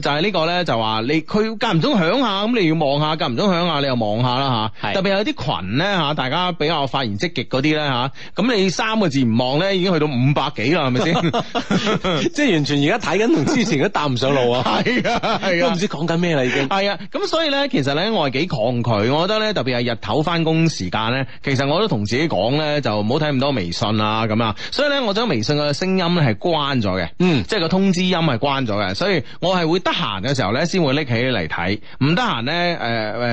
Speaker 1: 誒，就係、是、呢、這個咧、嗯、就話、是這個就是這個、你佢間唔中響下，咁你要望下，間唔中響下。你又望下啦嚇，特別有啲群咧嚇，大家比較發言積極嗰啲咧嚇，咁你三個字唔望咧，已經去到五百幾啦，係咪先？即係完全而家睇緊同之前都搭唔上路啊！係啊， *laughs* 係啊，都唔知講緊咩啦已經。係啊，咁所以咧，其實咧，我係幾抗拒，我覺得咧，特別係日頭返工時間咧，其實我都同自己講咧，就唔好睇咁多微信啊咁啊。所以咧，我將微信嘅聲音咧係關咗嘅，嗯，即係個通知音係關咗嘅。所以我係會得閒嘅時候咧，先會拎起嚟睇，唔得閒咧，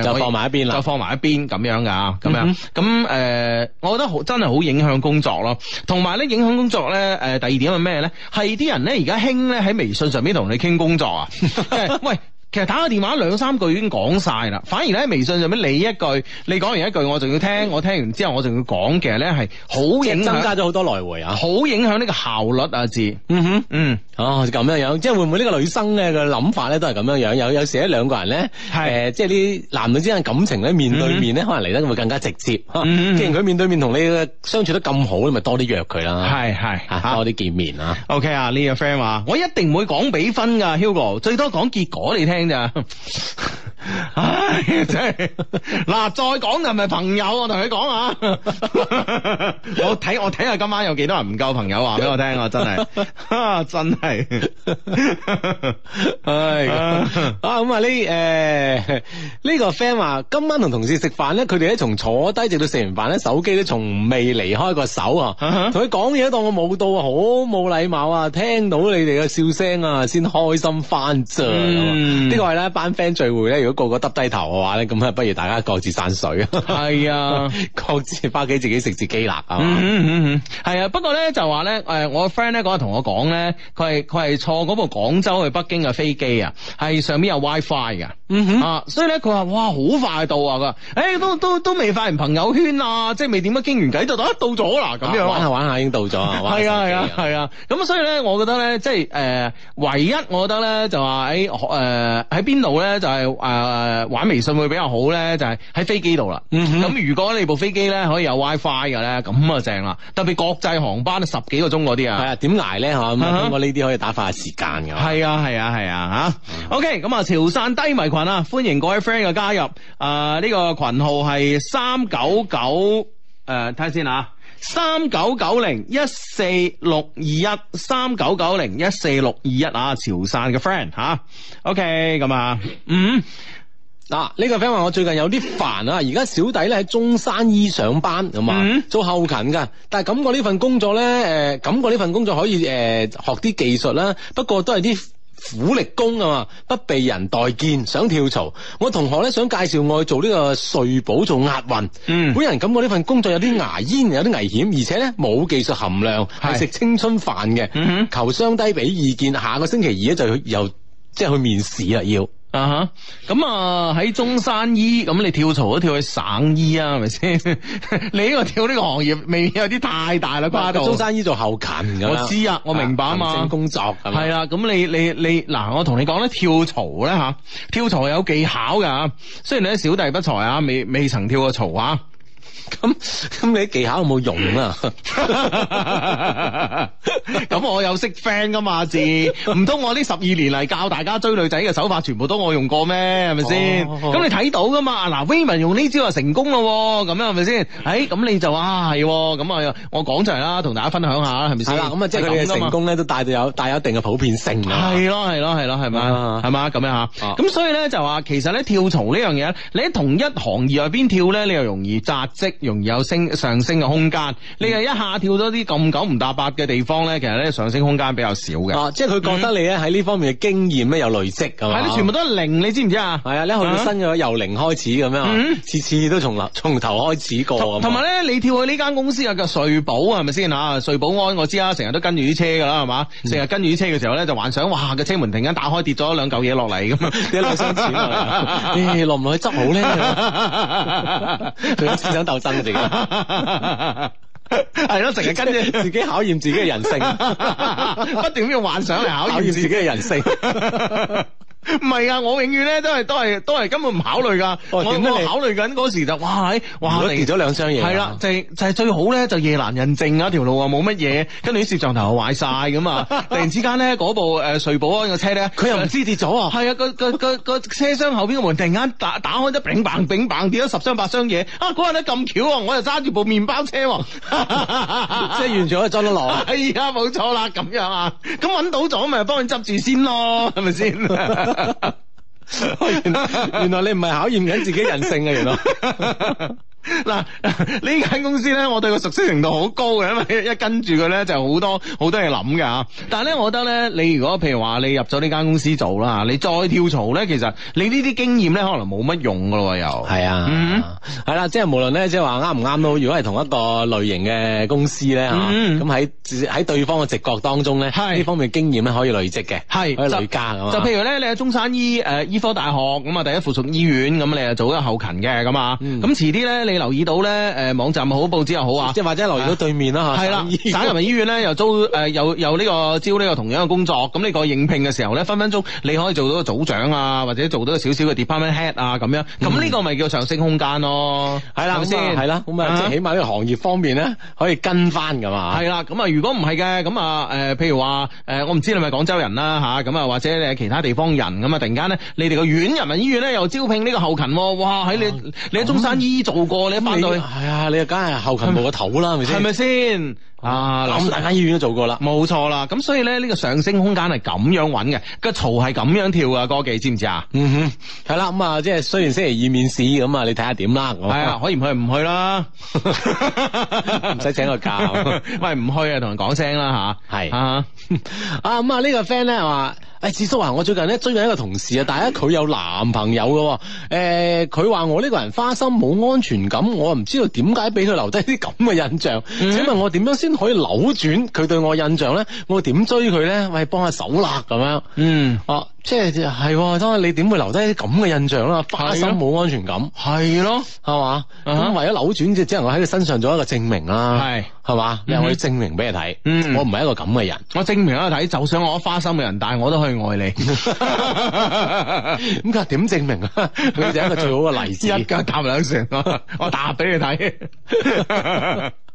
Speaker 1: 誒誒，就放埋一邊啦，再放埋一邊咁樣噶，咁樣咁誒、嗯哼呃，我覺得好真係好影響工作咯。同埋咧影響工作咧，誒、呃，第二點係咩咧？係啲人咧而家興咧喺微信上邊同你傾工作啊。 *laughs* 喂，其實打個電話兩三句已經講晒啦，反而咧喺微信上邊你一句，你講完一句，我仲要聽，我聽完之後我仲要講，嘅實咧係好影響增加咗好多來回啊，好影響呢個效率啊字。嗯哼，嗯。哦，咁樣樣，即係會唔會呢個女生咧個諗法咧都係咁樣樣？有有時咧兩個人咧，誒是、呃，即係啲男女之間嘅感情咧，面對面咧，mm hmm. 可能嚟得會更加直接。Mm hmm. 啊、既然佢面對面同你相處得咁好，你咪多啲約佢啦。係係，多啲見面啦。OK 啊，呢個、okay, your friend 話：我一定唔會講比分噶，Hugo，最多講結果你聽咋。 *laughs* 唉，真係嗱，再講就唔係朋友，我同你講啊！我睇我睇下今晚有幾多人唔夠朋友話俾我聽，啊，真係，真 *laughs* 係，唉，啊咁啊呢誒呢個 friend 話今晚同同事食飯咧，佢哋咧從坐低直到食完飯咧，手機都從未離開個手啊！同佢講嘢都當我冇到啊，好冇禮貌啊！聽到你哋嘅笑聲啊，先開心翻啫！呢個係咧班 friend 聚會咧。如果個個耷低頭嘅話咧，咁啊，不如大家各自散水啊！係啊，各自返企自己食自己辣啊！係、嗯嗯嗯、啊，不過咧就話咧，誒，我 friend 咧嗰日同我講咧，佢係佢係坐嗰部廣州去北京嘅飛機啊，係上面有 WiFi 嘅，嗯、哼啊，所以咧佢話哇，好快到啊！佢話，誒、欸、都都都未發完朋友圈啊，即係未點樣傾完偈就啊到咗啦！咁樣玩，哇玩下玩下已經到咗係嘛？係啊係啊係啊！咁、啊啊啊啊嗯嗯、所以咧，我覺得咧，即係誒，唯一我覺得咧，就話喺誒喺邊度咧，就係誒。.誒，玩微信會比較好咧，就係、是、喺飛機度啦。咁、嗯、哼如果你部飛機咧可以有 WiFi 嘅咧，咁啊正啦。特別國際航班啊，十幾個鐘嗰啲啊，係啊，點挨咧吓？咁、huh. 通過呢啲可以打發時間噶。係啊，係啊，係啊，吓、uh。Huh. OK，咁啊，潮汕低迷群啊，歡迎各位 friend 嘅加入。誒、呃、呢、這個群號係三九九。誒、啊，睇下先吓。三九九零一四六二一三九九零一四六二一啊，潮汕嘅 friend 吓，OK 咁啊，okay, 嗯，嗱呢、啊呢個 friend 話我最近有啲煩啊，而家小弟咧喺中山醫上班咁啊，嗯、做後勤噶，但係感覺呢份工作咧，誒、呃，感覺呢份工作可以誒、呃、學啲技術啦，不過都係啲。苦力工啊嘛，不被人待見，想跳槽。我同學咧想介紹我去做呢個稅保做押運。嗯，本人感覺呢份工作有啲牙煙，有啲危險，而且咧冇技術含量，係食是青春飯嘅。嗯哼求雙低俾意見，下個星期二咧就去又即係去面試啊要。啊哈！咁啊喺中山醫，咁你跳槽都跳去省醫啊，係咪先？ *laughs* 你呢個跳呢個行業未有啲太大啦，跨到中山醫做後勤咁。我知啊，我明白啊嘛。啊工作係、啊、啦，咁你你你嗱，我同你講咧，跳槽咧吓、啊，跳槽有技巧噶。雖然你啲小弟不才啊，未未曾跳過槽啊。咁咁你技巧有冇用啊？咁我有識 friend 噶嘛？字唔通我呢十二年嚟教大家追女仔嘅手法，全部都我用過咩？係咪先？咁你睇到噶嘛？嗱，Weiman 用呢招就成功咯，咁樣係咪先？誒，咁你就話啊係咁啊，我講就嚟啦，同大家分享下啦，係咪先？係啦，咁啊即係成功咧，都帶到有帶有一定嘅普遍性啊。係咯，係咯，係咯，係咪？係嘛？咁樣吓。咁所以咧就話，其實咧跳槽呢樣嘢，你喺同一行業外邊跳咧，你又容易扎職。容易有升上升嘅空間，嗯、你又一下跳到啲咁九唔搭八嘅地方咧，其實咧上升空間比較少嘅。啊，即係佢覺得你咧喺呢方面嘅經驗咧有累積，咁嘛、嗯？係吧，全部都係零，你知唔知啊？係啊，你去到新嘅由零開始咁樣，次、嗯、次都從零從頭開始過。嗯、同埋咧，你跳去呢間公司啊個瑞寶係咪先嚇？瑞寶安我知啊，成日都跟住啲車㗎啦，係嘛？成日、嗯、跟住啲車嘅時候咧，就幻想哇個車門突然間打開，跌咗兩嚿嘢落嚟咁，跌 *laughs* 兩箱錢，誒落唔落去執好咧？ *laughs* *laughs* *laughs* 生嘅自己，係咯，成日跟住自己考驗自己嘅人性， *laughs* *laughs* 不斷咁用幻想嚟考驗自己嘅人性。 *laughs* 唔係啊！我永遠咧都係都係都係根本唔考慮噶。我我考慮緊嗰時就哇，哇跌咗兩箱嘢。係啦，就就係最好咧，就夜闌人靜啊。條路啊，冇乜嘢。跟住啲攝像頭又壞晒咁啊！突然之間咧，嗰部誒瑞寶安嘅車咧，佢又唔知跌咗啊！係啊，個個個個車廂後邊嘅門突然間打打開咗，炳棒炳棒跌咗十箱八箱嘢啊！嗰日咧咁巧，我又揸住部麵包車，即係完全可以裝得落。係啊，冇錯啦，咁樣啊，咁揾到咗咪幫佢執住先咯，係咪先？ *laughs* 原來原來你唔係考驗緊自己人性啊，原來。 *laughs* 嗱，呢間公司咧，我對佢熟悉程度好高嘅，因為一跟住佢咧，就好、是、多好多嘢諗嘅吓。但係咧，我覺得咧，你如果譬如話你入咗呢間公司做啦，你再跳槽咧，其實你呢啲經驗咧，可能冇乜用噶咯又。係啊，係啦、嗯啊，即係無論咧，即係話啱唔啱咯，如果係同一個類型嘅公司咧，吓，咁喺喺對方嘅直覺當中咧，呢是方面經驗咧可以累積嘅，是可以累加咁就，吧就譬如咧，你喺中山醫誒醫科大學咁啊第一附屬醫院咁，你又做咗後勤嘅咁啊，咁遲啲咧。嗯你留意到咧？誒網站好，報紙又好啊，即係或者留意到對面啦嚇。係啦、啊，省人民醫院咧 *laughs* 又租、這個、招誒，又又呢個招呢個同樣嘅工作。咁呢個應聘嘅時候咧，分分鐘你可以做到個組長啊，或者做到個少少嘅 department head 啊咁樣。咁呢個咪叫上升空間咯，係啦，係咪先？係啦，咁啊，即係起碼呢個行業方面咧，可以跟翻㗎嘛。係啦，咁啊，如果唔係嘅，咁啊誒，譬如話誒，我唔知你係咪廣州人啦、啊、吓。咁啊或者你係其他地方人咁啊，突然間咧，你哋個縣人民醫院咧又招聘呢個後勤喎，哇！喺你你喺中山醫做過。你一到你，係、哎、啊！你又梗係後勤部個頭啦，係咪先？係咪先？啊，咁大間醫院都做過啦，冇錯啦。咁所以咧，呢、呢個上升空間係咁樣揾嘅，個槽係咁樣跳啊，哥記知唔知啊？嗯哼，係、嗯、啦。咁啊，即係雖然星期二面試，咁啊，你睇下點啦。係啊，可以唔去唔去啦，唔 *laughs* 使請個假。喂，唔去啊，同人講聲啦吓？係。啊咁啊，呢、嗯嗯嗯呢個 friend 咧係話。誒，智叔啊，我最近咧追緊一個同事啊，但係咧佢有男朋友嘅。誒、呃，佢話我呢個人花心冇安全感，我唔知道點解俾佢留低啲咁嘅印象，嗯、請問我點樣先可以扭轉佢對我印象咧？我點追佢咧？喂，幫下手啦咁樣。嗯，哦、啊。即係，當你點會留低啲咁嘅印象啦，花心冇安全感。係咯的，係嘛吧？咁為咗扭轉，只只能夠喺佢身上做一個證明啦。係是，係嘛？你可以證明俾佢睇，mm hmm. 我唔係一個咁嘅人。我證明俾佢睇，就算我花心嘅人，但係我都可以愛你。咁佢話點證明啊？ *laughs* 你就一個最好嘅例子， *laughs* 一腳踏兩成，我答俾你睇。 *laughs*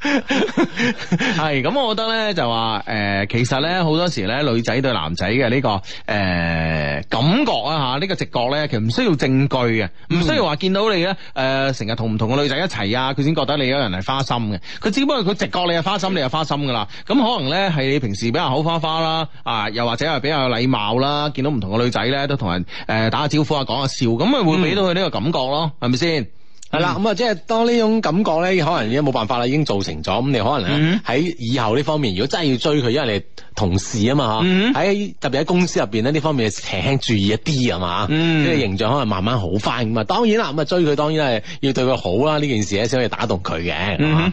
Speaker 1: 係咁， *laughs* 我覺得咧就話誒、呃，其實咧好多時咧女仔對男仔嘅呢個誒、呃、感覺啊吓，呢、這個直覺咧，其實唔需要證據嘅，唔需要話見到你咧誒成日同唔同嘅女仔一齊啊，佢先覺得你個人係花心嘅。佢只不過佢直覺你係花心，你係花心噶啦。咁可能咧係你平時比較口花花啦，啊又或者係比較有禮貌啦、啊，見到唔同嘅女仔咧都同人誒、呃、打下招呼啊，講下笑，咁咪會俾到佢呢個感覺咯，係咪先？係啦，咁啊、嗯，即係當呢種感覺咧，可能已經冇辦法啦，已經造成咗。咁你可能喺以後呢方面，嗯、如果真係要追佢，因為你同事啊嘛，嗬、嗯。喺特別喺公司入邊咧，呢方面請注意一啲啊嘛。即係、嗯、形象可能慢慢好翻。咁啊，當然啦，咁啊追佢，當然係要對佢好啦。呢件事咧，先可以打動佢嘅。嗯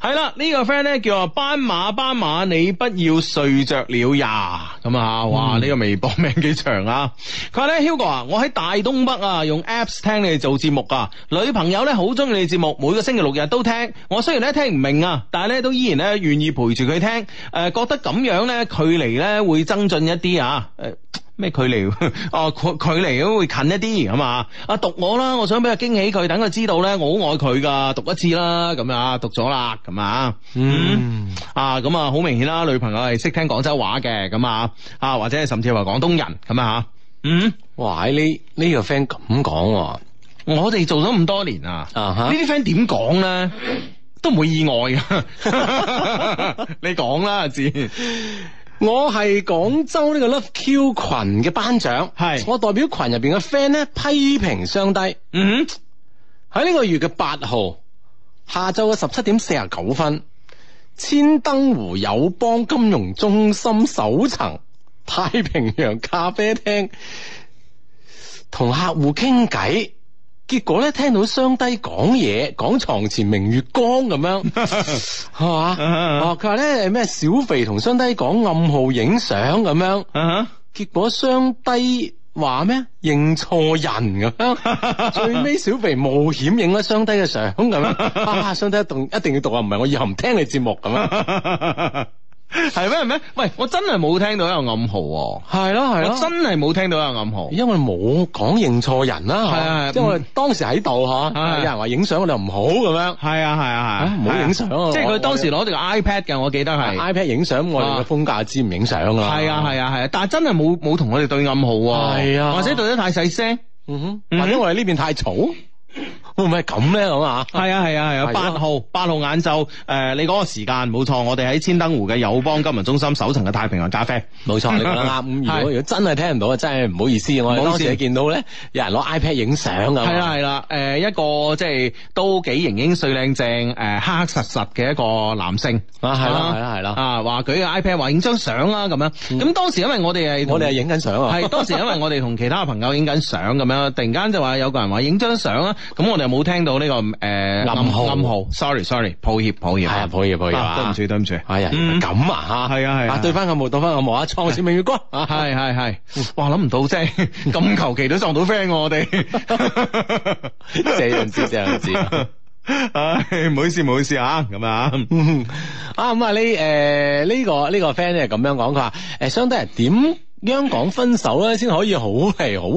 Speaker 1: 係啦，這個、呢個 friend 咧叫斑馬斑馬，你不要睡着了呀！咁啊，哇，呢、嗯、個微博名幾長啊！佢話咧，Hugo 啊，go, 我喺大東北啊，用 Apps 聽你哋做節目啊，女朋友咧好中意你哋節目，每個星期六日都聽。我雖然咧聽唔明啊，但係咧都依然咧願意陪住佢聽。誒、呃，覺得咁樣咧，距離咧會增進一啲啊！誒、呃。咩距離哦、 *laughs* 啊，距距離都會近一啲，係嘛？啊，讀我啦，我想俾個驚喜佢，等佢知道咧，我好愛佢㗎，讀一次啦，咁樣啊，讀咗啦，咁啊，嗯，嗯啊，咁啊，好明顯啦，女朋友係識聽廣州話嘅，咁啊，啊，或、啊、者甚至係話廣東人，咁啊，嚇、啊，嗯，哇，呢呢、這個 friend 咁講，我哋做咗咁多年啊，uh huh. 呢啲 friend 點講咧，都唔會意外嘅， *laughs* 你講啦，阿志。我係廣州呢個 Love Q 群嘅班長，係是我代表群入邊嘅 friend 咧批評商低。嗯、mm，喺、hmm. 呢個月嘅八號下晝嘅十七點四十九分，千燈湖友邦金融中心首層太平洋咖啡廳同客戶傾偈。結果咧聽到雙低講嘢，講床前明月光咁樣，係嘛、 *laughs* 啊？哦、啊，佢話咧係咩小肥同雙低講暗號影相咁樣，結果雙低話咩認錯人咁樣， *laughs* 最尾小肥冒險影咗雙低嘅相咁樣，啊、雙低一定一定要讀啊，唔係我以後唔聽你節目咁樣。係咩？係咩？喂，我真係冇聽到一個暗號喎。係咯，係咯，真係冇聽到一個暗號，因為冇講認錯人啦。係係，即係我哋當時喺度吓，有人話影相我哋唔好咁樣。係啊，係啊，係，唔好影相。即係佢當時攞住個 iPad 嘅，我記得係 iPad 影相，我哋嘅風格知唔影相啊。係啊，係啊，係啊，但係真係冇冇同我哋對暗號啊。係啊，或者對得太細聲，哼，或者我哋呢邊太嘈。唔係咁咩咁啊？係啊係啊係啊！八號八號晏晝，誒、呃、你講嘅時間冇錯，我哋喺千燈湖嘅友邦金融中心首層嘅太平洋咖啡，冇錯，你講得啱、 *laughs* 啊。如果如果真係聽唔到啊，真係唔好意思。我當時你見到咧，有人攞 iPad 影相㗎。係啦係啦，誒，一個即係都幾型英帥靚正，誒黑黑實實嘅一個男性啊，係啦係啦係啦，啊話佢嘅 iPad 話影張相啦咁樣。咁、嗯、當時因為我哋誒，我哋係影緊相啊。係 *laughs* 當時因為我哋同其他嘅朋友影緊相咁樣，突然間就話有個人話影張相啊。咁我哋。冇聽到呢個誒暗號，暗號，sorry，sorry，抱歉，抱歉，啊，抱歉，抱歉，對唔住，對唔住，係啊，咁啊嚇，係啊，係啊，對翻個毛，對翻個毛啊，創始明月光，係係係，哇，諗唔到啫，咁求其都撞到 friend 我哋，這樣子，這樣子，唉，唔好意思，唔好意思嚇，咁啊，啊咁啊，呢誒呢個呢個 friend 咧咁樣講，佢話誒相對係點？點樣講分手咧，先可以好嚟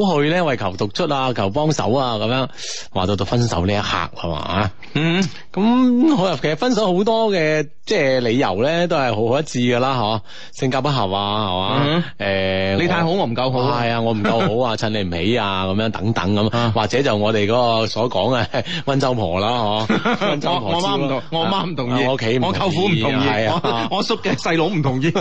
Speaker 1: 好去咧，為求獨出啊，求幫手啊，咁樣話到到分手呢一刻係嘛？嗯，咁我其實分手好多嘅，即係理由咧，都係好一致噶啦，吓，性格不合啊，係嘛，誒，你太好，我唔夠好，係啊，我唔夠好啊，趁你唔起啊，咁樣等等咁，或者就我哋嗰個所講嘅温州婆啦，嗬，我媽我媽唔同意，我屋企我舅父唔同意，我叔嘅細佬唔同意，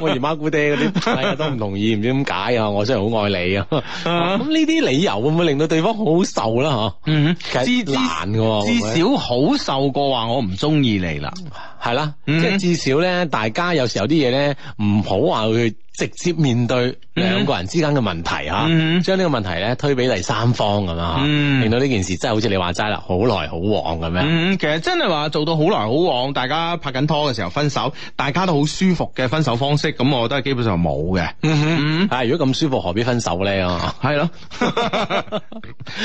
Speaker 1: 我姨媽姑爹嗰啲都唔同意，唔知點解啊？我真係好愛你啊，咁呢啲理由會唔會令到對方好受啦？吓，嗯，之難嘅。至少好受過話我唔中意你啦，係啦、嗯哼，即係至少咧，大家有時候啲嘢咧唔好話去。直接面對兩個人之間嘅問題吓，將呢個問題咧推俾第三方咁樣，令到呢件事真係好似你話齋啦，好來好往咁樣。其實真係話做到好來好往，大家拍緊拖嘅時候分手，大家都好舒服嘅分手方式，咁我覺得基本上冇嘅。嗯，如果咁舒服，何必分手呢？哦，係咯。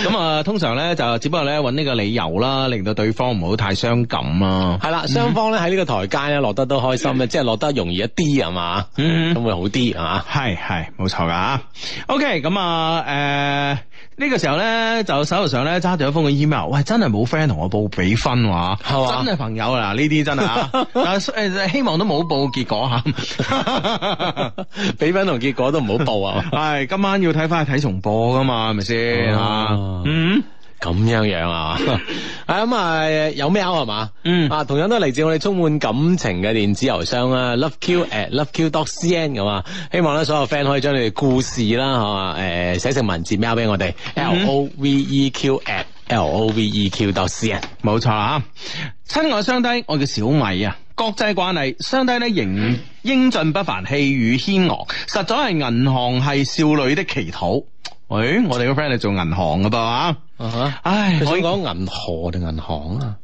Speaker 1: 咁啊，通常咧就只不過咧揾呢個理由啦，令到對方唔好太傷感啊。係啦，雙方咧喺呢個台階咧落得都開心嘅，即係落得容易一啲係嘛。咁會好。啲、okay, 啊，係係冇錯噶，OK，咁啊，誒，呢個時候咧就手頭上咧揸住一封嘅 email，喂，真係冇 friend 同我報比分喎、啊，係吧真係朋友啊，呢啲真係啊， *laughs* 但係誒、呃、希望都冇報結果吓，比 *laughs* *laughs* 分同結果都唔好報啊，係、 *laughs* 哎、今晚要睇翻去睇重播噶嘛，係咪先啊？嗯。咁樣樣啊，係咁啊，有喵係嘛，嗯啊，同樣都係嚟自我哋充滿感情嘅電子郵箱啦，loveq at loveq dot cn 咁啊，希望咧所有 friend 可以將你哋故事啦吓，誒寫成文字喵俾我哋，loveq at loveq dot cn，冇錯啊，親、嗯、愛相低，我叫小米啊，國際慣例，相低呢，仍英俊不凡，氣宇軒昂，實在係銀行係少女的祈禱。喂、哎，我哋個 friend 係做銀行噶噃吓，uh huh. 唉，可以講銀河定銀行啊？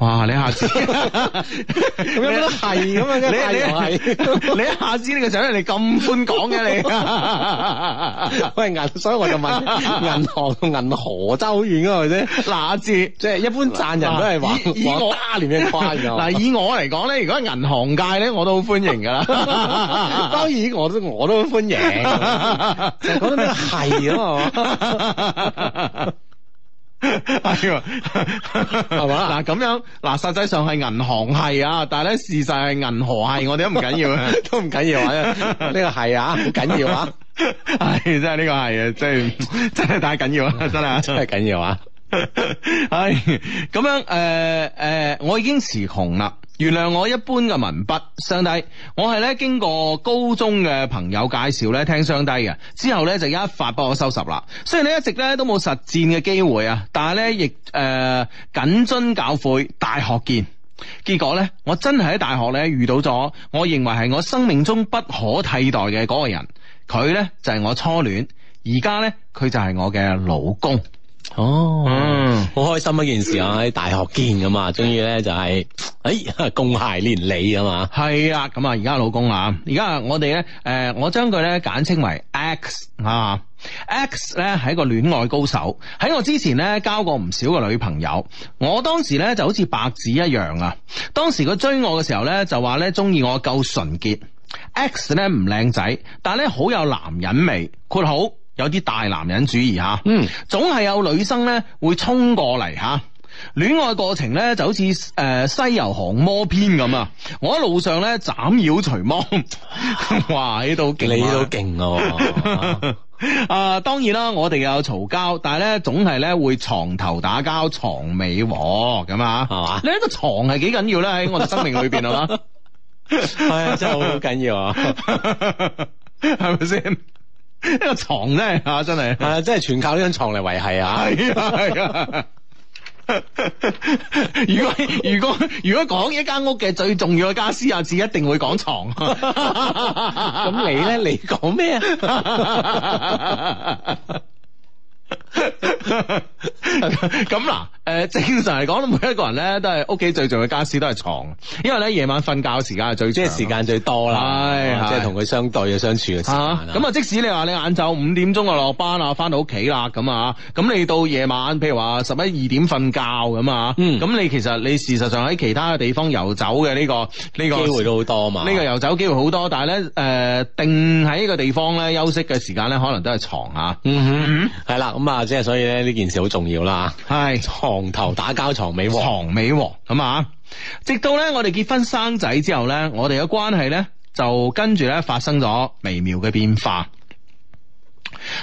Speaker 1: 哇！你一下子，我 *laughs* 是都係咁你啊！你你是你，是你一下子呢個嘴嚟咁寬廣嘅你，你、啊， *laughs* 喂銀，所以我就問銀行同銀河爭好遠嗰個啫。嗱阿即係一般贊人都係家、啊、以，以我嚟講，嗱 *laughs* 以我嚟講咧，如果係銀行界咧，我都好歡迎噶啦。 *laughs* 當然我我都好歡迎，咁都係啊！ *laughs* 係嘛？嗱咁 *laughs* 樣嗱，實際上係銀行係啊，但係咧事實係銀河系，我哋都唔緊要，都唔緊要啊。呢、 *laughs* 哎、個係啊，好緊要啊！係真係呢個係啊，真係真係太緊要啦，真係真係緊要啊！係咁樣誒誒，我已經詞窮啦。原諒我一般嘅文筆，相低。我係咧經過高中嘅朋友介紹咧聽商低嘅，之後咧就一發不可收拾啦。雖然咧一直咧都冇實戰嘅機會啊，但係咧亦誒謹遵教誨，大學見。結果咧，我真係喺大學咧遇到咗我認為係我生命中不可替代嘅嗰個人，佢咧就係、是、我初戀，而家咧佢就係我嘅老公。哦，好、嗯、開心一件事啊！喺大學見噶嘛，終於咧就係、是、哎共諧連理啊嘛，係啊！咁啊，而家老公啊，而家我哋咧誒，我將佢咧簡稱為 X 啊，X 咧係一個戀愛高手，喺我之前咧交過唔少嘅女朋友，我當時咧就好似白紙一樣啊！當時佢追我嘅時候咧就話咧中意我夠純潔，X 咧唔靚仔，但係咧好有男人味，括號。有啲大男人主義吓，嗯，總係有女生咧會衝過嚟吓，戀愛過程咧就好似誒西遊降魔篇咁啊！我喺路上咧斬妖除魔，哇喺度勁，你都勁啊！啊，當然啦，我哋有嘈交，但係咧總係咧會床頭打交，床尾和咁啊，係嘛？ *laughs* 你呢個床係幾緊要咧？喺我哋生命裏邊啊嘛，係啊、 *laughs* 哎，真係好緊要啊、哦，係咪先？呢個床真係吓，真係，係真係全靠呢張床嚟維係啊！係啊
Speaker 2: *laughs* *laughs* ，
Speaker 1: 如果如果如果講一間屋嘅最重要嘅家私，又只一定會講床。
Speaker 2: 咁 *laughs* 你
Speaker 1: 咧，你講咩啊？ *laughs* *laughs* 咁 *laughs* 嗱、啊，誒、呃，正常嚟講，每一個人咧都係屋企最重要嘅家私，都係床，因為咧夜晚瞓覺嘅時間係最即係時間最多啦，哎、即係同佢相對嘅相處嘅時間。咁啊，啊即使你話你晏晝五點鐘就落班啦，翻到屋企啦咁啊，咁你到夜晚，譬如話十一二點瞓覺咁啊，咁、嗯、你其實你事實上喺其他嘅地方遊走嘅呢、這個呢、這個機會都好多嘛，呢個遊走機會好多，但係咧誒，定喺呢個地方咧休息嘅時間咧，可能都係床啊。係、嗯、啦，咁啊。嗯即係所以咧，呢件事好重要啦。係是床頭打交，床尾和、哦。床尾和咁啊！直到咧，我哋結婚生仔之後咧，我哋嘅關係咧，就跟住咧發生咗微妙嘅變化。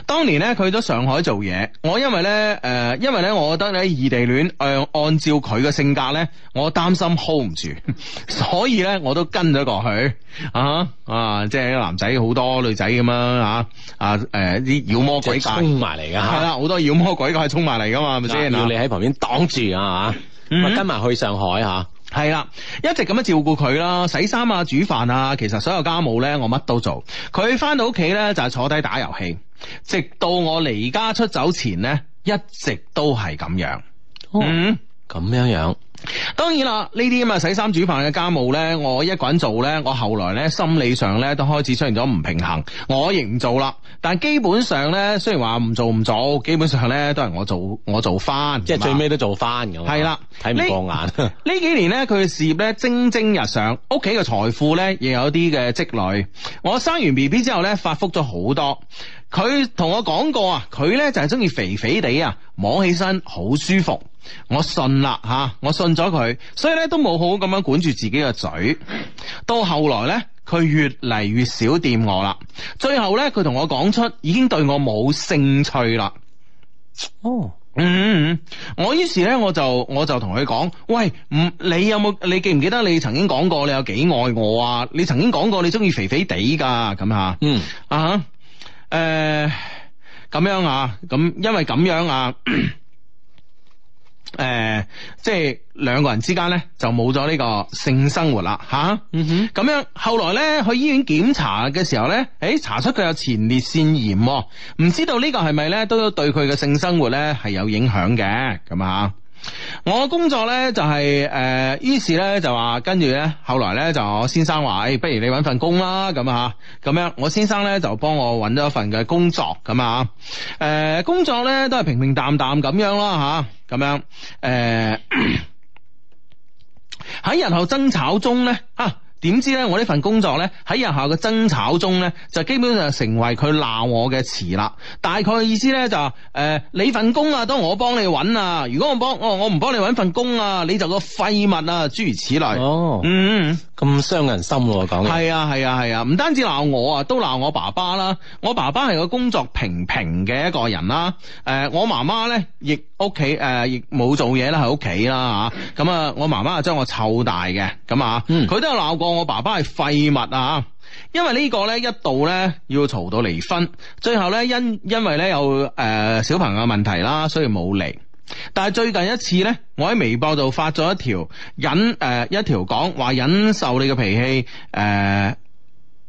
Speaker 1: 當年咧，佢去咗上海做嘢。我因為咧，誒、呃，因為咧，我覺得你喺異地戀誒、呃，按照佢嘅性格咧，我擔心 hold 唔住，呵呵，所以咧，我都跟咗過去啊。啊，即係男仔好多女仔咁樣，吓啊，誒、啊，啲、啊啊、妖魔鬼怪衝埋嚟噶，係啦，好多妖魔鬼怪衝埋嚟噶嘛，係咪先要你喺旁邊擋住啊？吓、啊，嗯、哼跟埋去上海吓，係、啊、啦，一直咁樣照顧佢啦，洗衫啊，煮飯啊，其實所有家務咧，我乜都做。佢翻到屋企咧，就係、是、坐低打遊戲。直到我離家出走前呢，一直都係咁樣。哦、嗯，咁樣樣。當然啦，呢啲咁嘅洗衫煮飯嘅家務呢，我一個人做呢。我後來呢，心理上呢都開始出現咗唔平衡。我仍唔做啦，但基本上呢，雖然話唔做唔做，基本上呢都係我做，我做翻，即係最尾都做翻咁。係啦了，睇唔過眼呢這 *laughs* 幾年呢，佢嘅事業呢，蒸蒸日上，屋企嘅財富呢，亦有啲嘅積累。我生完 B B 之後呢，發福咗好多。佢同我講過啊，佢呢就係中意肥肥地啊，摸起身好舒服。我信啦吓，啊，我信咗佢，所以呢都冇好咁樣管住自己嘅嘴。到後來呢，佢越嚟越少掂我啦。最後呢，佢同我講出已經對我冇興趣啦。哦，嗯嗯嗯，我於是呢，我就我就同佢講，喂，唔你有冇你記唔記得你曾經講過你有幾愛我啊？你曾經講過你中意肥肥地噶咁吓，嗯啊。誒，咁、呃、樣啊，咁因為咁樣啊，誒、呃，即係兩個人之間呢，就冇咗呢個性生活啦，吓、啊，咁、嗯、哼樣後來咧去醫院檢查嘅時候呢，誒，查出佢有前列腺炎喎，唔知道呢個係咪呢，都對佢嘅性生活呢係有影響嘅，咁啊。我工作呢，就係、是、誒，于、呃、是呢，就話跟住呢。後來呢，就我先生話、欸，不如你搵份工啦咁吓，咁樣，樣我先生呢，就幫我搵咗一份嘅工作咁啊，誒、呃、工作呢，都係平平淡淡咁樣啦吓，咁樣誒喺、呃、 *coughs* 日後爭吵中呢。啊。點知咧？我呢份工作咧，喺日後嘅爭吵中咧，就基本上成為佢鬧我嘅詞啦。大概嘅意思咧就誒、是呃，你份工啊，都我幫你搵啊。如果我幫，哦、我我唔幫你搵份工啊，你就個廢物啊。諸如此類。哦，嗯。咁傷人心喎，講係啊係啊係啊，唔、啊啊啊啊，單止鬧我啊，都鬧我爸爸啦。我爸爸係個工作平平嘅一個人啦。誒、呃，我媽媽呢，亦屋企誒，亦冇做嘢啦，喺屋企啦咁啊，我媽媽係將我湊大嘅，咁啊，佢都有鬧過我爸爸係廢物啊。因為呢個呢，一度呢，要嘈到離婚，最後呢，因因為呢有誒、呃、小朋友問題啦，所以冇離。但係最近一次呢，我喺微博度發咗一條忍誒一條講話忍受你嘅脾氣誒、呃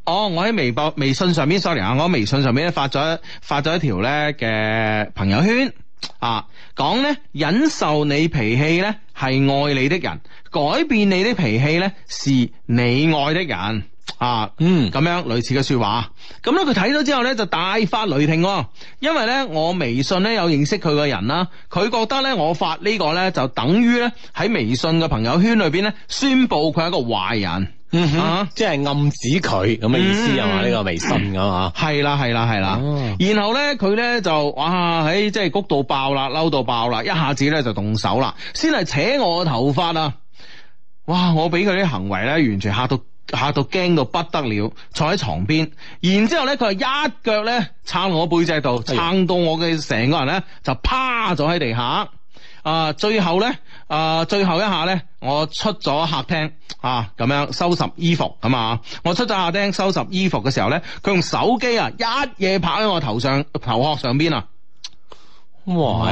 Speaker 1: 哦，我我喺微博微信上面 sorry 啊，我喺微信上邊咧發咗發咗一條咧嘅朋友圈啊，講咧忍受你脾氣咧係愛你的人，改變你啲脾氣咧是你愛的人。啊，嗯，咁樣類似嘅說話，咁咧佢睇咗之後咧就大發雷霆，因為咧我微信咧有認識佢嘅人啦，佢覺得咧我發呢個咧就等於咧喺微信嘅朋友圈裏邊咧宣布佢係一個壞人，吓、嗯哼，啊、即係暗指佢咁嘅意思啊？嘛、嗯？呢個微信咁啊，係啦係啦係啦，然後咧佢咧就哇，喺即係谷到爆啦，嬲到爆啦，一下子咧就動手啦，先係扯我嘅頭髮啊！哇，我俾佢啲行為咧完全吓到。嚇到驚到不得了，坐喺床邊，然之後咧佢係一腳呢撐我背脊度，撐到我嘅成個人呢就趴咗喺地下。啊、呃，最後呢，啊、呃，最後一下呢，我出咗客廳啊，咁樣收拾衣服咁啊。我出咗客廳收拾衣服嘅時候呢，佢用手機啊一夜拍喺我頭上頭殼上邊啊。哇，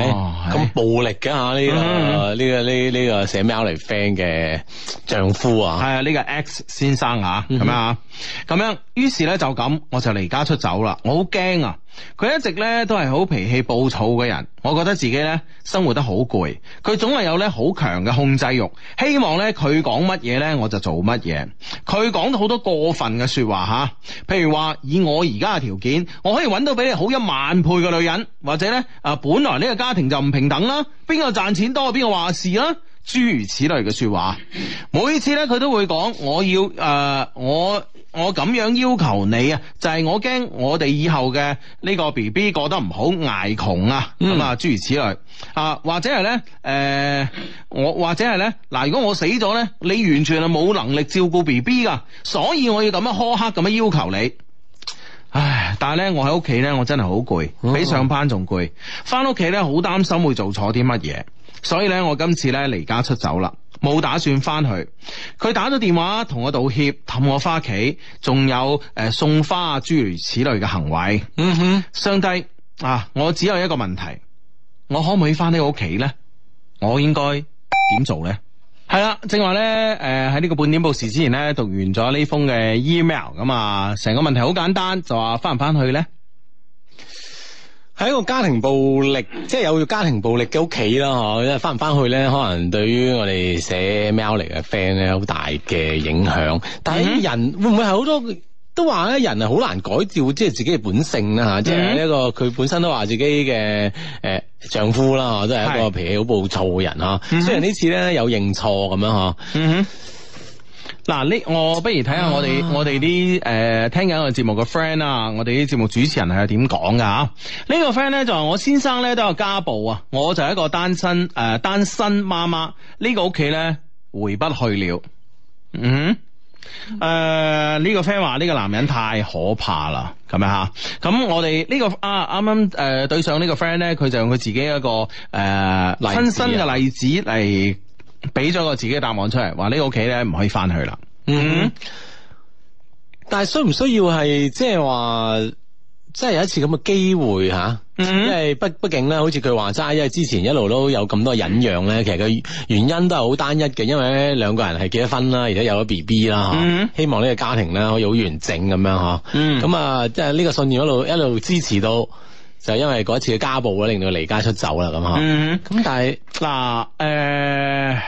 Speaker 1: 咁暴力嘅吓，呢個呢個呢呢個寫 mail 嚟 friend 嘅丈夫啊，係的啊呢、呢個 X 先生啊，咁、嗯、哼樣啊，咁樣於是咧就咁，我就離家出走啦，我好驚啊！佢一直咧都係好脾氣暴躁嘅人，我覺得自己咧生活得好攰。佢總係有咧好強嘅控制欲，希望咧佢講乜嘢咧我就做乜嘢。佢講咗好多過分嘅說話吓，譬如話以我而家嘅條件，我可以揾到比你好一萬倍嘅女人，或者咧啊、呃、本來呢個家庭就唔平等啦，邊個賺錢多邊個話事啦。諸如此類嘅說話，每次呢，佢都會講、呃，我要誒，我我咁樣要求你，就是、我我啊，就係我驚我哋以後嘅呢個 B B 過得唔好捱窮啊，咁啊諸如此類啊，或者係呢，誒、呃，我或者係呢。嗱，如果我死咗呢，你完全係冇能力照顧 B B 噶，所以我要咁樣苛刻咁樣要求你。唉，但係咧，我喺屋企咧，我真係好攰，比上班仲攰。翻屋企咧，好擔心會做錯啲乜嘢，所以咧，我今次咧離家出走啦，冇打算翻去。佢打咗電話同我道歉，氹我翻屋企，仲有誒、呃、送花啊諸如此類嘅行為。嗯哼、mm，hmm. 相帝啊，我只有一個問題，我可唔可以翻呢個屋企咧？我應該點做咧？係啦，正話咧，誒喺呢、呃、個半點報時之前咧，讀完咗呢封嘅 email 咁啊，成個問題好簡單，就話返唔返去咧？係一個家庭暴力，即係有個家庭暴力嘅屋企啦，嗬，即係返唔返去咧，可能對於我哋寫 mail 嚟嘅 friend 咧，好大嘅影響。但係啲人、嗯、會唔會係好多？都話咧，人係好難改掉，即係自己嘅本性啦吓，mm hmm. 即係一、呢個佢本身都話自己嘅誒、呃、丈夫啦，都係一個脾氣好暴躁嘅人咯。Mm hmm. 雖然次呢次咧有認錯咁樣嗬，嗱、mm，呢、hmm. 啊、我不如睇下我哋我哋啲誒聽緊個節目嘅 friend 啊，我哋啲節目主持人係點講噶吓？呢個、呢個 friend 咧就話、是、我先生咧都有家暴啊，我就係一個單身誒、呃、單身媽媽，呢個、呢個屋企咧回不去了。嗯、mm。Hmm. 誒，呢、呃這個 friend 話呢個男人太可怕啦，咁樣吓。咁我哋呢、這個啊啱啱誒對上個呢個 friend 咧，佢就用佢自己一個誒、呃、新新嘅例子嚟俾咗個自己嘅答案出嚟，話呢個屋企咧唔可以翻去啦。嗯哼，但係需唔需要係即係話？就是真係有一次咁嘅機會嚇，mm hmm. 因為畢畢竟咧，好似佢話齋，因為之前一路都有咁多忍讓咧，mm hmm. 其實佢原因都係好單一嘅，因為咧兩個人係結咗婚啦，而家有咗 B B 啦，mm hmm. 希望呢個家庭咧可以好完整咁、mm hmm. 樣嚇。咁啊，即係呢個信念一路一路支持到，就因為嗰一次嘅家暴咧，令到佢離家出走啦咁嚇。咁、啊 mm hmm. 但係嗱誒。啊呃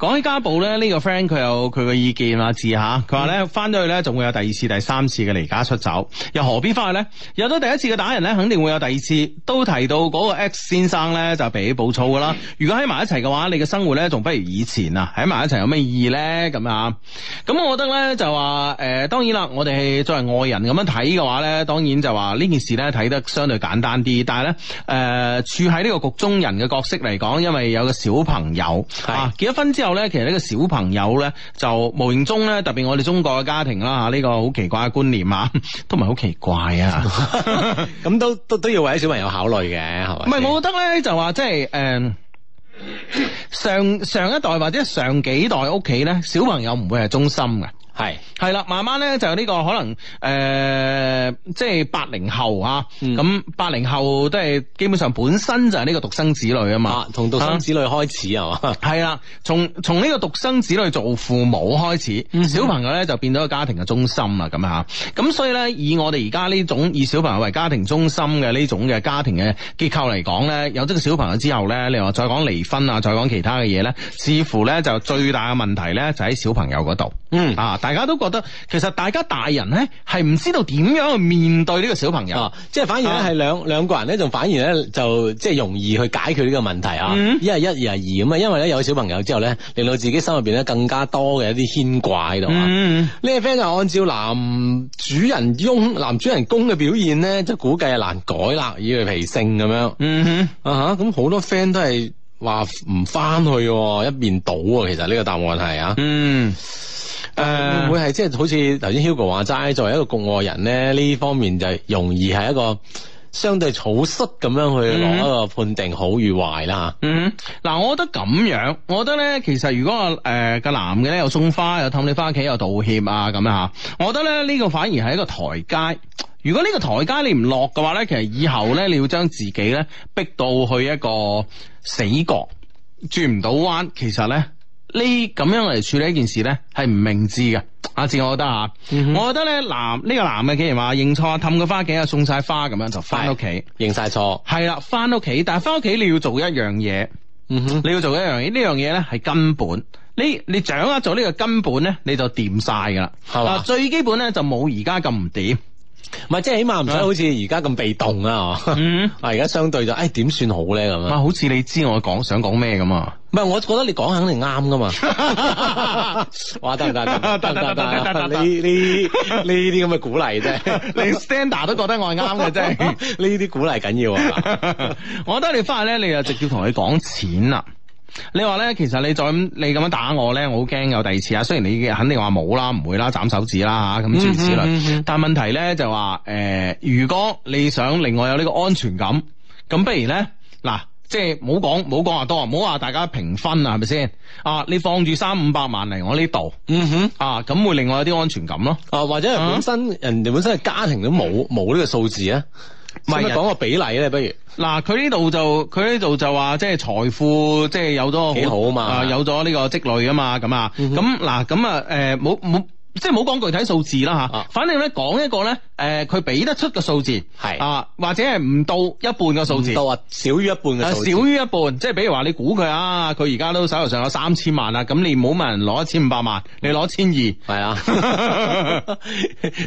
Speaker 1: 講起家暴、這個、他他呢，呢個 friend 佢有佢嘅意見啊，字嚇佢話呢，返咗去呢，仲會有第二次、第三次嘅離家出走，又何必返去呢？有咗第一次嘅打人呢，肯定會有第二次。都提到嗰個 X 先生呢，就脾氣暴躁㗎喇。嗯、如果喺埋一齊嘅話，你嘅生活呢，仲不如以前啊！喺埋一齊有咩意義呢？咁啊，咁我覺得呢，就話誒、呃，當然啦，我哋作為外人咁樣睇嘅話呢，當然就話呢件事呢，睇得相對簡單啲。但係呢，誒、呃，處喺呢個局中人嘅角色嚟講，因為有個小朋友、嗯、啊，結咗婚之後。咧，其實呢個小朋友咧，就無形中咧，特別我哋中國嘅家庭啦，吓、這、呢個好奇怪嘅觀念啊， *laughs* 都唔係好奇怪啊，咁 *laughs* *laughs* 都都都要為咗小朋友考慮嘅，係咪？唔係， *laughs* 我覺得咧就話即係誒，上上一代或者上幾代屋企咧，小朋友唔會係中心嘅。係係啦，慢慢咧就呢、呢個可能誒、呃，即係八零後啊。咁八零後都係基本上本身就係呢個獨生子女啊嘛，從獨、啊、生子女開始係嘛，係啦、啊。從從呢個獨生子女做父母開始，嗯、哼小朋友咧就變咗個家庭嘅中心啦。咁吓咁，所以咧以我哋而家呢種以小朋友為家庭中心嘅呢種嘅家庭嘅結構嚟講咧，有咗個小朋友之後咧，你話再講離婚啊，再講其他嘅嘢咧，似乎咧就最大嘅問題咧就喺小朋友嗰度。嗯啊，大家都覺得其實大家大人咧係唔知道點樣去面對呢個小朋友、啊，即係反而咧係兩兩個人咧就反而咧就即係、就是、容易去解決呢個問題啊、嗯，一係一，二係二咁啊，因為咧有小朋友之後咧令到自己心入邊咧更加多嘅一啲牽掛喺度啊，呢個 friend 就按照男主人翁、男主人公嘅表現咧，即係估計係難改啦，以佢脾性咁樣。嗯哼，嗯啊吓咁好多 friend 都係話唔翻去，一面倒啊，其實呢個答案係啊、嗯。嗯。誒，會係、呃、即係好似頭先 Hugo 話齋，作為一個局外人咧，呢方面就係容易係一個相對草率咁樣去落一個判定好與壞啦。嗯，嗱、嗯，我覺得咁樣，我覺得咧，其實如果阿誒個男嘅咧又送花又氹你翻屋企又道歉啊咁啊吓，我覺得咧呢、呢個反而係一個台階。如果呢個台階你唔落嘅話咧，其實以後咧你要將自己咧逼到去一個死角，轉唔到彎，其實咧。呢咁樣嚟處理一件事咧，係唔明智嘅。阿志，我覺得吓，嗯、哼我覺得咧男呢、這個男嘅既然話認錯，氹個花頸啊，送晒花咁樣就翻屋企，認晒錯，係啦，翻屋企。但係翻屋企你要做一樣嘢，嗯哼，你要做一樣嘢呢樣嘢咧，係根本。你你掌握咗呢個根本咧，你就掂晒噶啦。嗱吧，最基本咧就冇而家咁唔掂。唔係，即係起碼唔使好似而家咁被動啊！吓、嗯，而家相對就誒，點算好咧咁啊？好似你知我講想講咩咁啊？唔係，我覺得你講肯定啱噶嘛！
Speaker 2: *laughs*
Speaker 1: 哇！得唔得？得得得得得！你你呢啲咁嘅鼓勵啫，你 standard 都覺得我係啱嘅，啫。係呢啲鼓勵緊要啊！ *laughs* 我覺得你翻去咧，你就直接同佢講錢啦。你話咧，其實你再咁你咁樣打我咧，我好驚有第二次啊！雖然你肯定話冇啦，唔會啦，斬手指啦吓，咁諸如此類。嗯哼嗯哼但係問題咧就話，誒、呃，如果你想令我有呢個安全感，咁不如咧嗱，即係冇講冇講話多，冇話大家平分啊，係咪先？啊，你放住三五百萬嚟我呢度，嗯、哼啊，咁會令我有啲安全感咯。啊，或者本身、啊、人哋本身嘅家庭都冇冇呢個數字啊。唔係，講個比例咧，不如嗱，佢呢度就佢呢度就話，即係財富，即係有咗幾好啊嘛，呃、有咗呢個積累啊嘛，咁啊，咁嗱、嗯哼，咁啊，誒，冇冇。呃即係冇講具體數字啦吓，反正咧講一個咧，誒，佢俾得出嘅數字係啊，是或者係唔到一半嘅數字，到啊，少於一半嘅數字，少於一半，即係比如話你估佢啊，佢而家都手頭上有三千萬啦，咁你唔好問人攞一千五百萬，你攞千二係啊，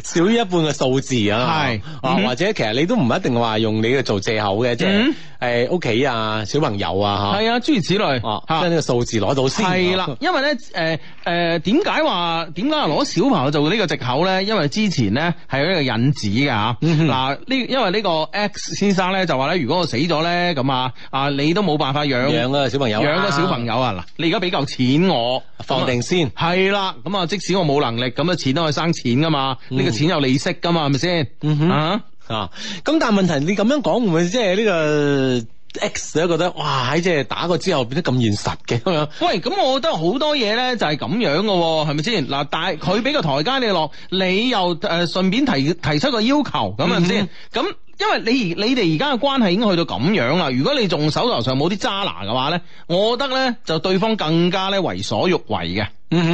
Speaker 1: 少於 *laughs* 一半嘅數字啊，係啊是，或者其實你都唔一定話用你去做借口嘅，嗯、即係誒屋企啊，小朋友、嗯、啊，係啊，諸如此類，將呢、啊啊、個數字攞到先係啦，因為咧，誒、呃、誒，點解話點解攞？小朋友做呢個藉口咧，因為之前咧係一個引子嘅吓。嗱、嗯哼，呢因為呢個 X 先生咧就話咧，如果我死咗咧，咁啊啊你都冇辦法養養啊小朋友，養個小朋友啊嗱，你而家俾嚿錢我、啊、那放定先，係啦，咁啊即使我冇能力，咁啊錢都可以生錢噶嘛，呢、嗯、個錢有利息噶嘛，係咪先？啊、嗯、哼啊，咁但係問題你咁樣講會唔會即係呢個？X 都覺得哇，即係打過之後變得咁現實嘅，咁樣。喂，咁我覺得好多嘢咧就係、是、咁樣嘅、哦，係咪先？嗱，但係佢俾個台階你落，你又誒、呃、順便提提出個要求，咁係咪先？咁、嗯哼。因為你而你哋而家嘅關係已經去到咁樣啦，如果你仲手頭上冇啲揸拿嘅話咧，我覺得咧就對方更加咧為所欲為嘅，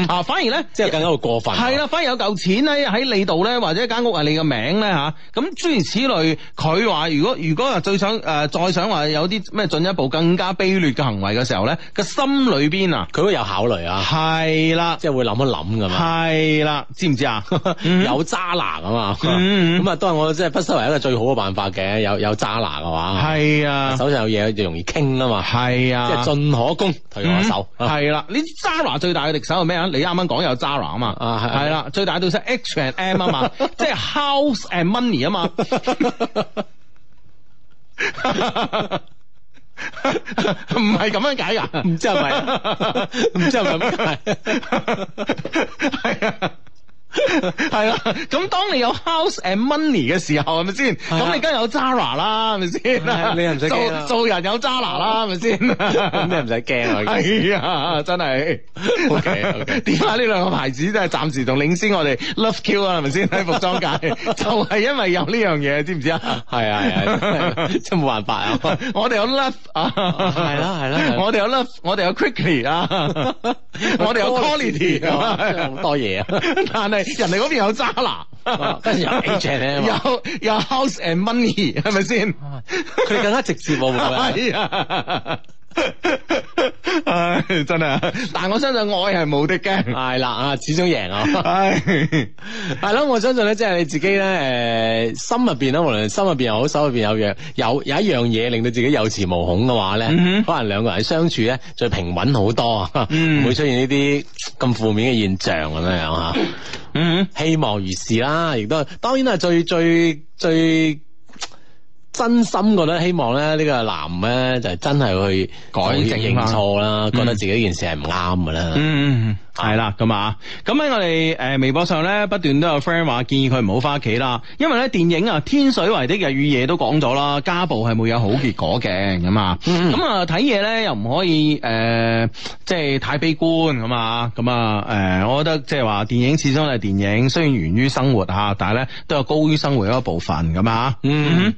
Speaker 1: 啊反而咧、嗯、即係更加會過分係啦、嗯，反而有嚿錢喺喺你度咧，或者間屋係你嘅名咧吓，咁、啊、諸如此類，佢話如果如果啊最想誒、呃、再想話有啲咩進一步更加卑劣嘅行為嘅時候咧，個心裏邊啊，啊，佢都有考慮啊，係啦，即係會諗一諗噶嘛，係啦，知唔知啊？有揸拿啊嘛，咁啊都係我即係不失為一個最好嘅辦法。嘅有有渣拿嘅話，係啊，手上有嘢就容易傾啊嘛，係啊，即係進可攻退可守，係啦。你渣拿最大嘅敵手係咩啊？你啱啱講有渣拿啊嘛，係啦，最大對手 H and M 啊嘛，即係 House and Money 啊嘛，唔係咁樣解噶，唔知係咪，
Speaker 2: 唔知係咪
Speaker 1: 咁解。係啦，咁當你有 house and money 嘅時候係咪先？咁你而家有 Zara 啦，係咪先？你做做人有 Zara 啦，係咪先？咁你唔使驚啊！係啊，真係 OK。點解呢兩個牌子都係暫時仲領先我哋 Love Q 啊，係咪先？喺服裝界就係因為有呢樣嘢，知唔知啊？係啊係，真係冇辦法啊！我哋有 Love 啊，係啦係啦，我哋有 Love，我哋有 Quickly 啊，我哋有 Quality 啊，好多嘢啊，但係。人哋嗰邊有渣男，跟 *laughs* 住、哦、有 H&M， *laughs* 有有 House and Money 係咪先？佢 *laughs* 更加直接喎，係啊、 *laughs* 哎哎，真啊！但係我相信愛係冇敵嘅，係啦啊，始終贏啊！係係咯，我相信咧，即、就、係、是、你自己咧，誒，心入邊咧，無論心入邊又好，手入邊又好，有有一樣嘢令到自己有恃無恐嘅話咧，mm hmm. 可能兩個人相處咧，最平穩好多啊，唔 *laughs* 會出現呢啲咁負面嘅現象咁樣樣吓。Mm hmm. *laughs* 嗯，嗯，希望如是啦，亦都當然係最最最真心覺得希望咧，呢、這個男咧就真係去改正啦、啊，認錯、覺得自己呢件事係唔啱噶啦。嗯嗯嗯。係啦，咁啊，咁喺我哋誒微博上咧，不斷都有 friend 話建議佢唔好返屋企啦，因為咧電影啊《天水圍的日與夜》都講咗啦，家暴係冇有好結果嘅，咁啊，咁啊睇嘢咧又唔可以誒、呃，即係太悲觀，咁啊，咁啊，誒，我覺得即係話電影始終係電影，雖然源於生活吓，但係咧都有高於生活嗰一部分，咁、嗯嗯、啊，嗯、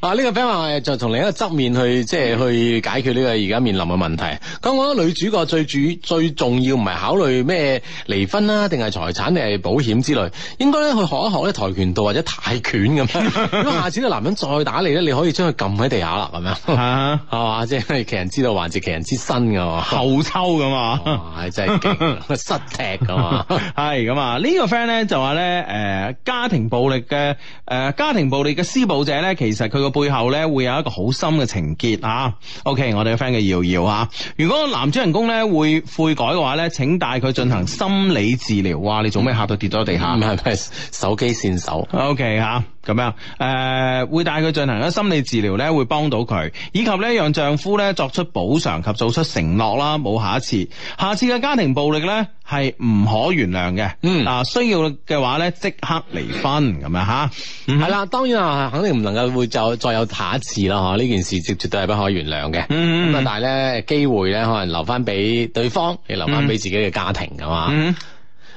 Speaker 1: 這個，啊呢個 friend 話就從另一個側面去即係去解決呢個而家面臨嘅問題。咁我覺得女主角最主最重要唔係考慮。咩離婚啊？定係財產，定係保險之類，應該咧去學一學咧跆拳道或者泰拳咁。如果下次個男人再打你咧，你可以將佢撳喺地下啦，係咪、uh huh. 啊？係嘛，即係其人之道還是其人之身噶，後抽咁啊，真係 *laughs* 失踢噶嘛，係咁啊。呢、這個 friend 咧就話咧，誒，家庭暴力嘅誒，家庭暴力嘅施暴者咧，其實佢個背後咧會有一個好深嘅情結啊。OK，我哋嘅 friend 叫瑤瑤啊，如果男主人公咧會悔改嘅話咧，請帶佢去進行心理治療，哇！你做咩嚇到跌咗地下？唔係唔係，手機線手。OK 嚇。咁樣，誒、呃、會帶佢進行一心理治療咧，會幫到佢，以及咧讓丈夫咧作出補償及做出承諾啦，冇下一次，下次嘅家庭暴力咧係唔可原諒嘅。嗯啊，啊需要嘅話咧即刻離婚咁樣吓，嗯，係啦，當然啊，肯定唔能夠會再再有下一次啦，嗬？呢件事絕絕對係不可原諒嘅。咁啊、嗯嗯，但係咧機會咧，可能留翻俾對方，亦留翻俾自己嘅家庭咁嘛。嗯，嗯，嗯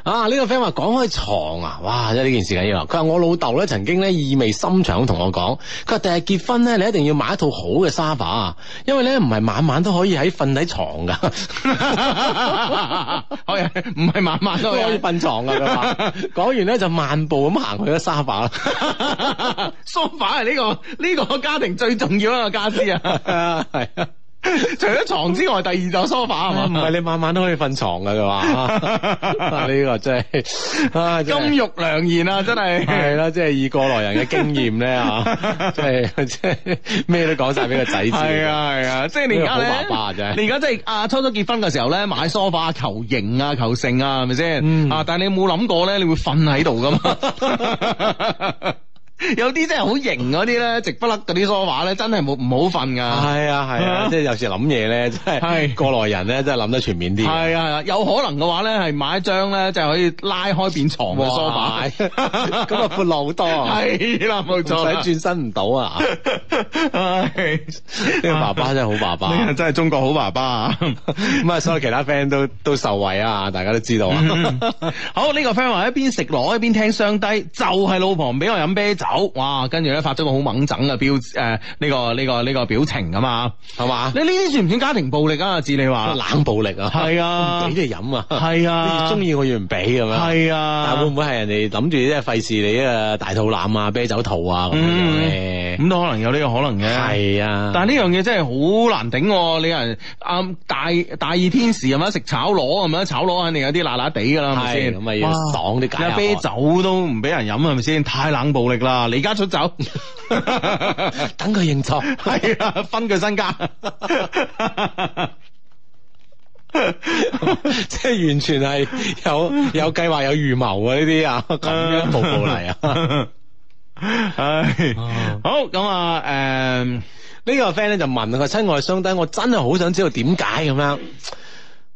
Speaker 1: 啊！呢、呢個 friend 話講開床啊，哇！即係呢件事緊要，佢話我老豆咧，曾經咧意味深長同我講，佢話第日結婚咧，你一定要買一套好嘅沙發啊，因為咧唔係晚晚都可以喺瞓喺床噶，唔係晚晚都可以瞓床噶。講 *laughs* 完咧就漫步咁行去咗沙發啦，沙發係呢個呢、呢個家庭最重要一個家私啊，係。 *laughs* 除咗床之外，第二座梳化，f a 係嘛？唔係、哎、 *laughs* 你晚晚都可以瞓床噶，係、就、嘛、是？呢、 *laughs* 啊呢個真係金玉良言啊，真係係啦，即係以過來人嘅經驗咧，吓即係即係咩都講晒俾個仔知。係啊係啊，即係、啊就是、你而家咧，好爸爸啊、你而家即係啊初初結婚嘅時候咧買梳化求型啊求性啊，係咪先？是是嗯、啊但係你冇諗過咧你會瞓喺度噶嘛？ *laughs* 有啲真係好型嗰啲咧，直不甩嗰啲梳化咧，真係冇唔好瞓噶。係啊係啊，即係有時諗嘢咧，真係過來人咧，真係諗得全面啲。係啊係啊，有可能嘅話咧，係買張咧，就係可以拉開變床嘅梳化。咁啊闊落好多。係啦，冇錯，唔使轉身唔到啊。呢個爸爸真係好爸爸，真係中國好爸爸。咁啊，所有其他 friend 都都受惠啊，大家都知道啊。好，呢個 friend 話一邊食螺一邊聽雙低，就係老婆唔俾我飲啤酒。哇，跟住咧發咗個好猛整嘅表誒，呢個呢個呢個表情啊嘛，係嘛？你呢啲算唔算家庭暴力啊？至你話冷暴力啊？係啊，唔俾你飲啊？係啊，你中意我要唔俾咁樣。係啊，但會唔會係人哋諗住即係費事你啊大肚腩啊，啤酒肚啊咁樣？咁都可能有呢個可能嘅。係啊，但呢樣嘢真係好難頂。你人啊大大熱天時係咪食炒螺啊？咪炒螺肯定有啲辣辣地噶啦，係咁啊要爽啲解下，啤酒都唔俾人飲係咪先？太冷暴力啦！啊！離家出走，等 *laughs* 佢認錯，係啊， *laughs* 分佢身家， *laughs* *laughs* 啊、即係完全係有有計劃有預謀啊！呢啲 *laughs* *laughs* 啊，咁樣步步嚟啊！唉，好咁啊，誒，呢個 friend 咧就問佢個親愛相低，我真係好想知道點解咁樣，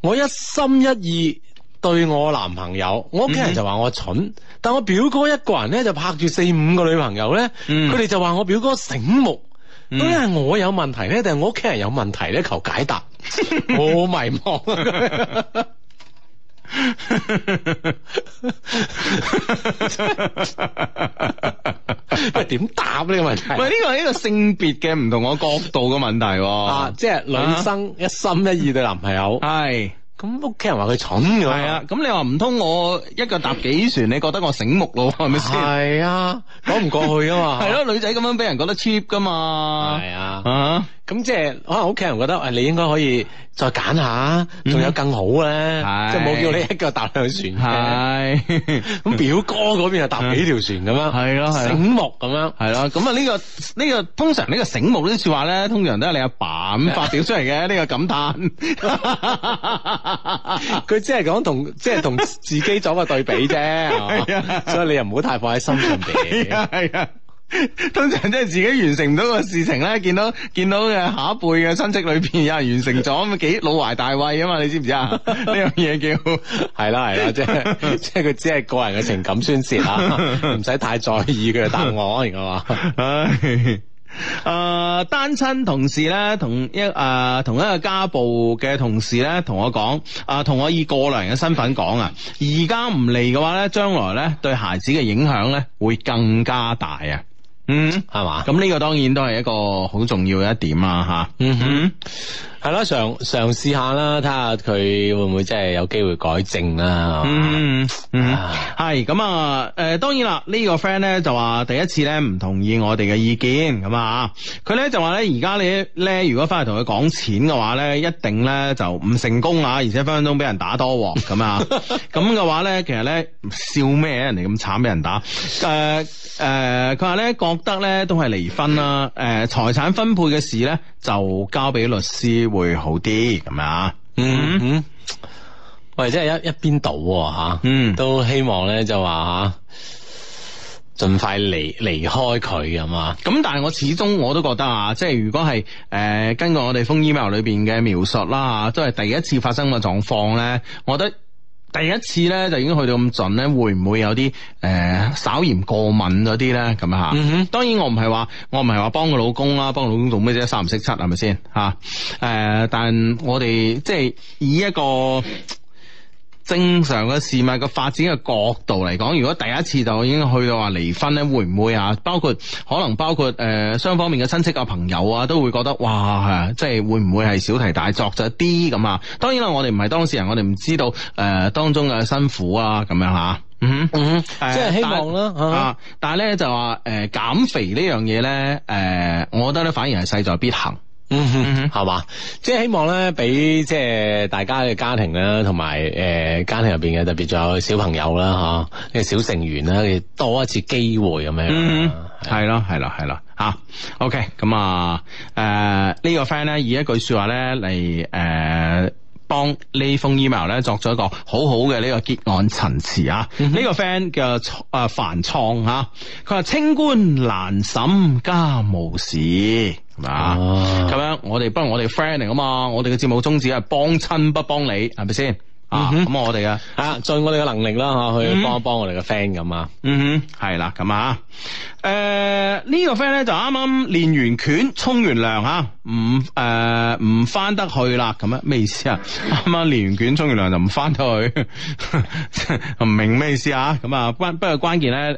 Speaker 1: 我一心一意。對我男朋友，我屋企人就話我蠢，嗯、但我表哥一個人咧就拍住四五個女朋友咧，佢哋、嗯、就話我表哥醒目，嗯、都係我有問題咧，定係我屋企人有問題咧？求解答， *laughs* 我好迷茫。喂，點答呢個問題？喂，呢個係一個性別嘅唔同我角度嘅問題，啊，即係、 *laughs* 啊就係、女生一心一意對男朋友係。 *laughs* 咁屋企人話佢蠢嘅，係啊！咁你話唔通我一腳踏幾船？你覺得我醒目咯，係咪先？係啊，講唔過去啊嘛。係咯，女仔咁樣俾人覺得 cheap 噶嘛。係啊，咁即係可能屋企人覺得，誒，你應該可以再揀下，仲有更好咧。即係冇叫你一腳踏兩船。係，咁表哥嗰邊就搭幾條船咁樣。係咯，醒目咁樣。係咯，咁啊呢個呢個通常呢個醒目啲說話咧，通常都係你阿爸咁發表出嚟嘅呢個感嘆。佢 *laughs* 只係講同，即係同自己做一個對比啫。的所以你又唔好太放喺心上邊。係啊，通常即係自己完成唔到個事情咧，見到見到嘅下一輩嘅親戚裏邊有人完成咗，咁幾老懷大慰啊嘛？你知唔知啊？呢樣嘢叫係啦係啦，即係即係佢只係個人嘅情感宣洩啊，唔使太在意佢嘅答案，係嘛？唉。誒、呃，單親同事呢，同一誒、呃、同一個家暴嘅同事呢，同我講、呃，啊，同我以過來人嘅身份講啊，而家唔嚟嘅話呢，將來呢對孩子嘅影響呢會更加大啊，嗯，係嘛，咁呢個當然都係一個好重要嘅一點啊，吓、啊，嗯哼。係啦，嘗嘗試下啦，睇下佢會唔會真係有機會改正啦、啊嗯。嗯，係咁啊，誒，當然啦，呢、呢個 friend 咧，就話第一次咧唔同意我哋嘅意見，咁啊，佢咧就話咧，而家你咧如果翻嚟同佢講錢嘅話咧，一定咧就唔成功啊，而且分分鐘俾人打多鑊咁啊，咁嘅話咧， *laughs* 其實咧笑咩人哋咁慘俾人打？誒誒，佢話咧覺得咧都係離婚啦，誒，財產分配嘅事咧就交俾律師。會好啲咁、嗯嗯、啊，嗯嗯，喂，即係一一邊倒吓，嗯，都希望咧就話吓，盡快離離開佢啊，咁但係我始終我都覺得啊，即係如果係誒、呃，根據我哋封 email 裏邊嘅描述啦，都係第一次發生嘅狀況咧，我覺得。第一次呢，就已經去到咁盡會會、呃、呢，會唔會有啲誒稍嫌過敏嗰啲呢？咁啊嚇！當然我唔係話我唔係話幫佢老公啦，幫佢老公做咩啫？三唔識七係咪先嚇？誒、啊，但我哋即係以一個。正常嘅事物嘅發展嘅角度嚟講，如果第一次就已經去到話離婚咧，會唔會啊？包括可能包括誒，雙、呃、方面嘅親戚啊、朋友啊，都會覺得哇，即係會唔會係小題大作咗啲咁啊？當然啦，我哋唔係當事人，我哋唔知道誒、呃、當中嘅辛苦啊，咁樣吓。嗯嗯，嗯呃、即係希望啦。但啊，但係咧就話誒，減、呃、肥呢樣嘢咧，誒、呃，我覺得咧反而係勢在必行。嗯，係嘛， *music* 即係希望咧，俾即係大家嘅家庭啦，同埋誒家庭入邊嘅，特別仲有小朋友啦，吓、啊、呢個小成員咧，多一次機會咁樣。嗯，係 *noise* 咯樂，係咯，係咯，吓、啊。OK，咁啊，誒、呃這個、呢個 friend 咧以一句說話咧嚟誒，幫、呃、呢封 email 咧作咗一個好好嘅呢個結案陳詞啊。 *music* 個呢個 friend 嘅誒繁創吓，佢話、啊、清官難審家務事。係嘛？咁、 *noise* 啊、樣我哋不如我哋 friend 嚟啊嘛！我哋嘅節目宗旨係幫親不幫你，係咪先？咁我哋啊，吓盡我哋嘅，啊、能力啦，吓去幫一幫我哋嘅 friend 咁啊。嗯、呃、哼，係、這、啦、個，咁啊，誒呢個 friend 咧就啱啱練完拳，沖完涼啊，唔誒唔翻得去啦，咁啊咩意思啊？啱啱練完拳，沖完涼就唔翻得去，唔 *laughs* 明咩意思啊？咁啊不不過關鍵咧，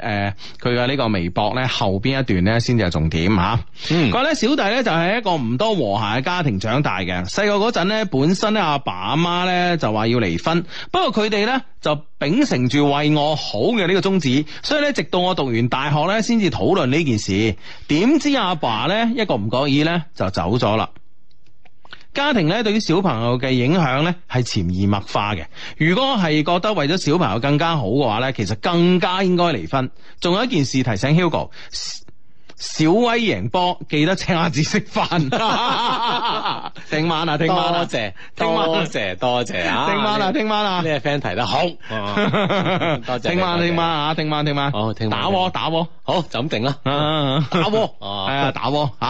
Speaker 1: 誒佢嘅呢個微博咧後邊一段咧先至係重點吓。啊、嗯，講咧小弟咧就係、是、一個唔多和諧嘅家庭長大嘅，細個嗰陣咧本身咧阿爸阿媽咧就話要離。分不過佢哋呢，就秉承住為我好嘅呢個宗旨，所以呢直到我讀完大學呢，先至討論呢件事。點知阿爸呢，一個唔覺意呢，就走咗啦。家庭呢，對於小朋友嘅影響呢，係潛移默化嘅。如果係覺得為咗小朋友更加好嘅話呢，其實更加應該離婚。仲有一件事提醒 Hugo。小威贏波，記得請阿子食飯。聽晚啊，聽晚多謝，聽晚多謝多謝啊！聽晚啊，聽晚啊，呢個 friend 提得好，
Speaker 2: 多謝。聽晚聽晚
Speaker 1: 啊，聽晚聽晚。哦，聽晚打窩打窩，好就咁定啦。打窩打窩啊。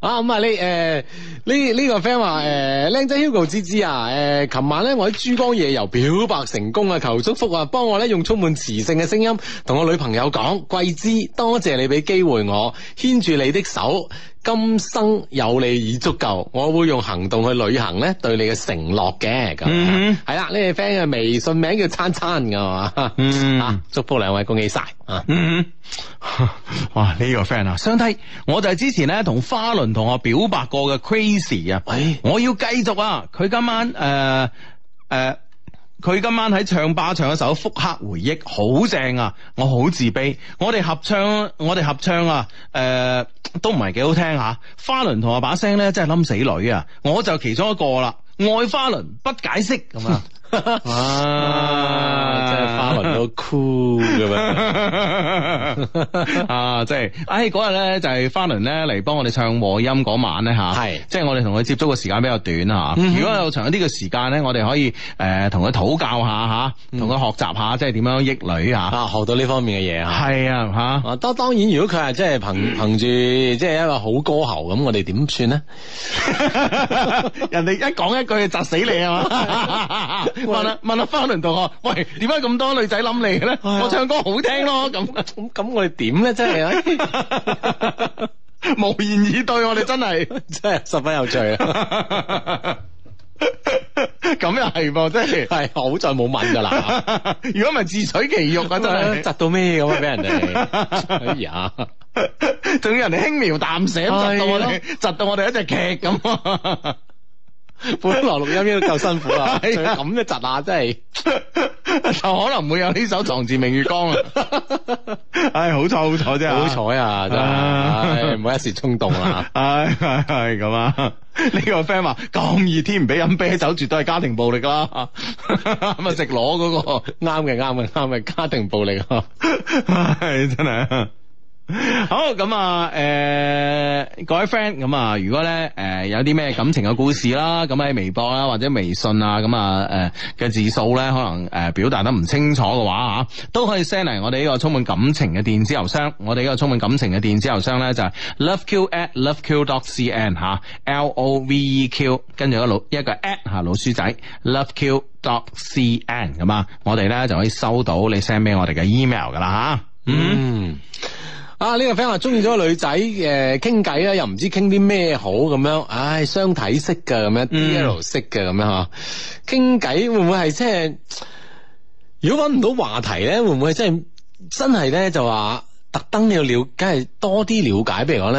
Speaker 1: 啊咁啊，你誒呢呢個 friend 話誒，靚仔 Hugo 芝芝啊，誒，琴晚咧我喺珠江夜遊表白成功啊，求祝福啊，幫我咧用充滿磁性嘅聲音同我女朋友講，桂枝，多謝你俾機會。我牽住你的手，今生有你已足夠。我會用行動去履行咧對你嘅承諾嘅咁。係啦，呢個 friend 嘅微信名叫餐餐噶嘛。Mm hmm. 啊，祝福兩位恭喜晒啊！Mm hmm. *laughs* 哇，呢、這個 friend 啊，相睇，我就係之前咧同花輪同學表白過嘅 Crazy 啊。喂，我要繼續啊！佢今晚誒誒。呃呃佢今晚喺唱吧唱一首《復刻回憶》好正啊！我好自卑，我哋合唱，我哋合唱啊，誒、呃，都唔係幾好聽嚇、啊。花輪同學把聲咧真係冧死女啊！我就其中一個啦，愛花輪不解釋咁啊。 *noise* 哇！即係花輪都 cool 咁樣啊！即係，誒嗰日咧就係、是、花輪咧嚟幫我哋唱和音嗰晚咧吓，即係我哋同佢接觸嘅時間比較短吓。如果有長一啲嘅時間咧，我哋可以誒同佢討教下吓，同佢學習下即係點樣益女、嗯、啊，學到呢方面嘅嘢啊。係啊，吓。當當然，如果佢係即係憑憑住即係一個好歌喉咁，我哋點算咧？ *laughs* *laughs* 人哋一講一句就窒死你 *laughs* *laughs* 啊！問啊問阿、啊、花輪同學，喂，點解咁多女仔諗你嘅咧？啊、我唱歌好聽咯，咁咁咁我哋點咧？真係、哎、 *laughs* 無言以對，我哋真係真係十分有趣啊！咁又係噃，真係係好在冇問噶啦。如果唔係自取其辱啊，真窒到咩咁啊！俾人哋哎呀，仲 *laughs* 要人哋輕描淡寫窒到我哋窒、啊、到我哋一隻劇咁本來錄音都夠辛苦啦，咁 *laughs* 一窒下、啊、真係， *laughs* 就可能會有呢首《床前明月光》啦。唉、 *laughs* 哎，好彩好彩、啊啊哎、真係，好彩啊真係，唔好一時衝動啊。唉、哎，係、哎、咁、哎、啊！呢個 friend 話咁熱天唔俾飲啤酒，絕對係家庭暴力啦。咁啊，食攞嗰個啱嘅啱嘅啱嘅家庭暴力啊！係、 *laughs* 那個啊 *laughs* 哎、真係、啊。好咁啊，誒、欸，各位 friend，咁啊，如果咧誒、呃、有啲咩感情嘅故事啦，咁喺微博啦或者微信啊，咁啊誒嘅、呃、字數咧，可能誒表達得唔清楚嘅話啊，都可以 send 嚟我哋呢個充滿感情嘅電子郵箱。我哋呢個充滿感情嘅電子郵箱咧就係、是、loveq at loveq dot cn 吓、啊，l o v e q 跟住個老一個 at 吓老鼠仔 loveq dot c n 咁啊，我哋咧就可以收到你 send 俾我哋嘅 email 噶啦吓，啊、嗯。啊！呢、這個 friend 話中意咗個女仔，誒、呃，傾偈啊又唔知傾啲咩好咁樣，唉，相睇式噶咁樣、嗯、，D L 式嘅咁樣吓，傾偈會唔會係即係？如果搵唔到話題咧，會唔會真係真係咧就話？特登你要了解，梗係多啲了解，譬如講咧，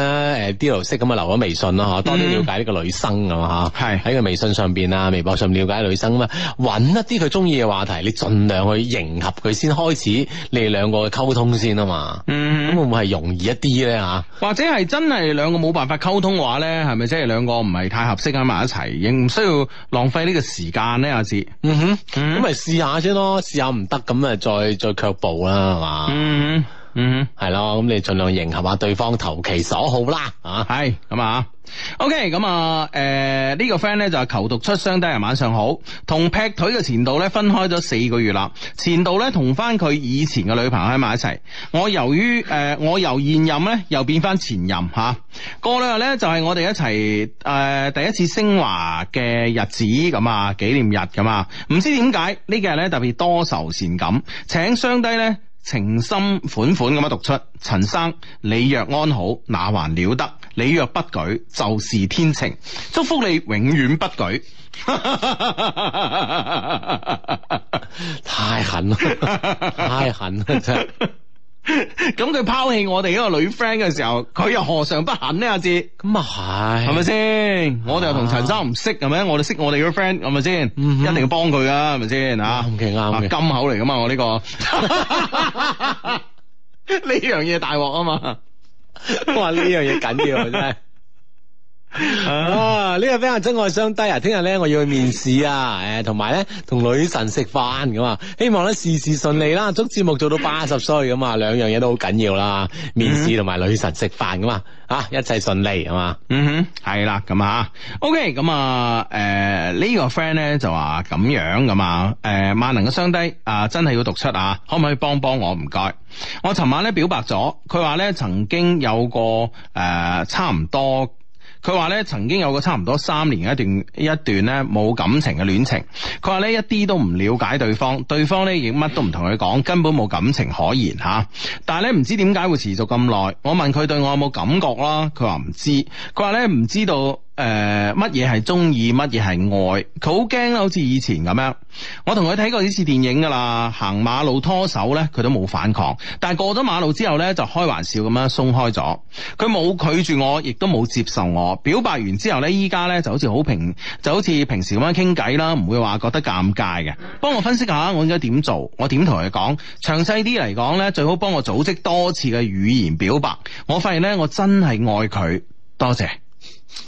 Speaker 1: 誒，啲流息咁啊，留咗微信咯，嗬、嗯，多啲了解呢個女生咁啊，嗬是，係喺個微信上邊啊，微博上了解女生啊，揾一啲佢中意嘅話題，你盡量去迎合佢，先開始你兩個嘅溝通先啊嘛，咁、嗯、哼會唔會係容易一啲咧吓？或者係真係兩個冇辦法溝通嘅話咧，係咪即係兩個唔係太合適喺埋一齊，應唔需要浪費呢個時間咧？下次嗯哼，咁咪試下先咯，試下唔得咁啊，再再卻步啦，係嘛？嗯嗯，係咯、mm，咁、hmm. 你盡量迎合下對方投其所好啦，啊，係咁啊，OK，咁啊，誒、呃，呢、這個 friend 呢，就係、是、求讀出雙低啊，晚上好，同劈腿嘅前度呢，分開咗四個月啦，前度呢，同翻佢以前嘅女朋友喺埋一齊，我由於誒、呃、我由現任呢，又變翻前任吓、啊，個兩日呢，就係、是、我哋一齊誒、呃、第一次升華嘅日子咁啊，紀念日咁啊，唔知點解呢日呢，特別多愁善感，請雙低呢。情深款款咁樣讀出，陳生，你若安好，那還了得；你若不舉就是天晴。祝福你永遠不舉。
Speaker 2: *laughs* *laughs*
Speaker 1: 太狠啦！太狠啦！真。咁佢拋棄我哋呢個女 friend 嘅時候，佢又何嘗不肯呢？阿志，咁啊係，係咪先？我哋又同陳生唔識，係咪？我哋識我哋個 friend，係咪先？一定要幫佢噶，係咪先？啊，啱嘅、 *laughs* 啊，啱嘅，金口嚟噶嘛？我呢個呢樣嘢大鑊啊嘛，哇！呢樣嘢緊要、啊、真係。 *laughs* *laughs* 啊！呢個比較真愛雙低啊！聽日呢，我要去面試啊，誒，同埋呢，同女神食飯咁啊，希望呢，事事順利啦、啊，祝節目做到八十歲咁啊，兩樣嘢都好緊要啦、啊。面試同埋女神食飯咁啊，一切順利係、啊、嘛？嗯哼，係啦，咁啊，OK，咁啊，誒、OK, 呢、啊呃這個 friend 呢就話咁樣噶嘛，誒、呃、萬能嘅雙低啊，真係要讀出啊，可唔可以幫幫我？唔該，我尋晚呢表白咗，佢話呢曾經有個誒、呃、差唔多。佢話咧曾經有過差唔多三年一段一段咧冇感情嘅戀情。佢話咧一啲都唔了解對方，對方咧亦乜都唔同佢講，根本冇感情可言吓。但係咧唔知點解會持續咁耐。我問佢對我有冇感覺啦，佢話唔知。佢話咧唔知道。誒，乜嘢係中意，乜嘢係愛？佢好驚，好似以前咁樣。我同佢睇過幾次電影噶啦，行馬路拖手呢，佢都冇反抗。但係過咗馬路之後呢，就開玩笑咁樣，鬆開咗。佢冇拒絕我，亦都冇接受我。表白完之後呢，依家呢就好似好平，就好似平時咁樣傾偈啦，唔會話覺得尷尬嘅。幫我分析下，我應該點做？我點同佢講？詳細啲嚟講呢，最好幫我組織多次嘅語言表白。我發現呢，我真係愛佢。多謝。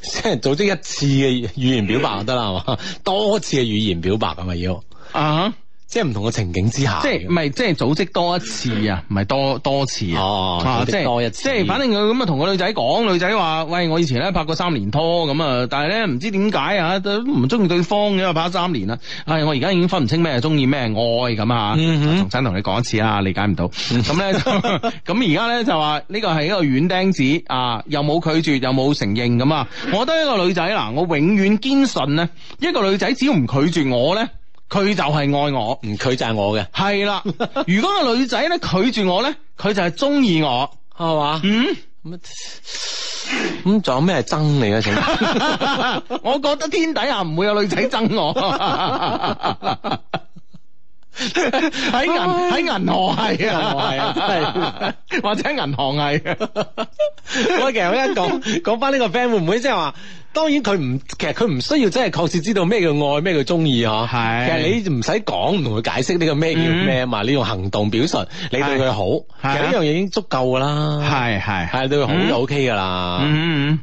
Speaker 1: 即係 *laughs* 組織一次嘅語言表白就得啦，係嘛？ *coughs* 多次嘅語言表白咁嘛要啊。 *coughs* *coughs* 即係唔同嘅情景之下，即係唔係即係組織多一次啊，唔係多多次啊，啊即係是多一次。即係反正佢咁啊，同個女仔講，女仔話：喂，我以前咧拍過三年拖咁啊，但係咧唔知點解啊，都唔中意對方因為拍咗三年啦。唉、哎，我而家已經分唔清咩係中意咩係愛咁啊。重新同你講一次啊，理解唔到。咁咧、mm，咁而家咧就話呢就個係一個軟釘子啊，又冇拒絕，又冇承認咁啊。我覺得一個女仔嗱、啊，我永遠堅信咧，一個女仔只要唔拒絕我咧。呢呢佢就係愛我，唔拒、嗯、就係我嘅。係啦，如果個女仔咧拒絕我咧，佢就係中意我，係嘛？ *laughs* 吧嗯，咁仲有咩係憎你嘅？請，我覺得天底下唔會有女仔憎我。喺銀喺銀行係啊， *laughs* *laughs* 或者銀行係，我 *laughs* *laughs* 其實我一講講翻呢個 friend 會唔會即係話？當然佢唔，其實佢唔需要真係確實知道咩叫愛，咩叫中意嗬。係，其實你唔使講，唔同佢解釋呢個咩叫咩啊嘛。你用行動表述，你對佢好，其實呢樣嘢已經足夠噶啦。係係，係對佢好就 OK 噶啦。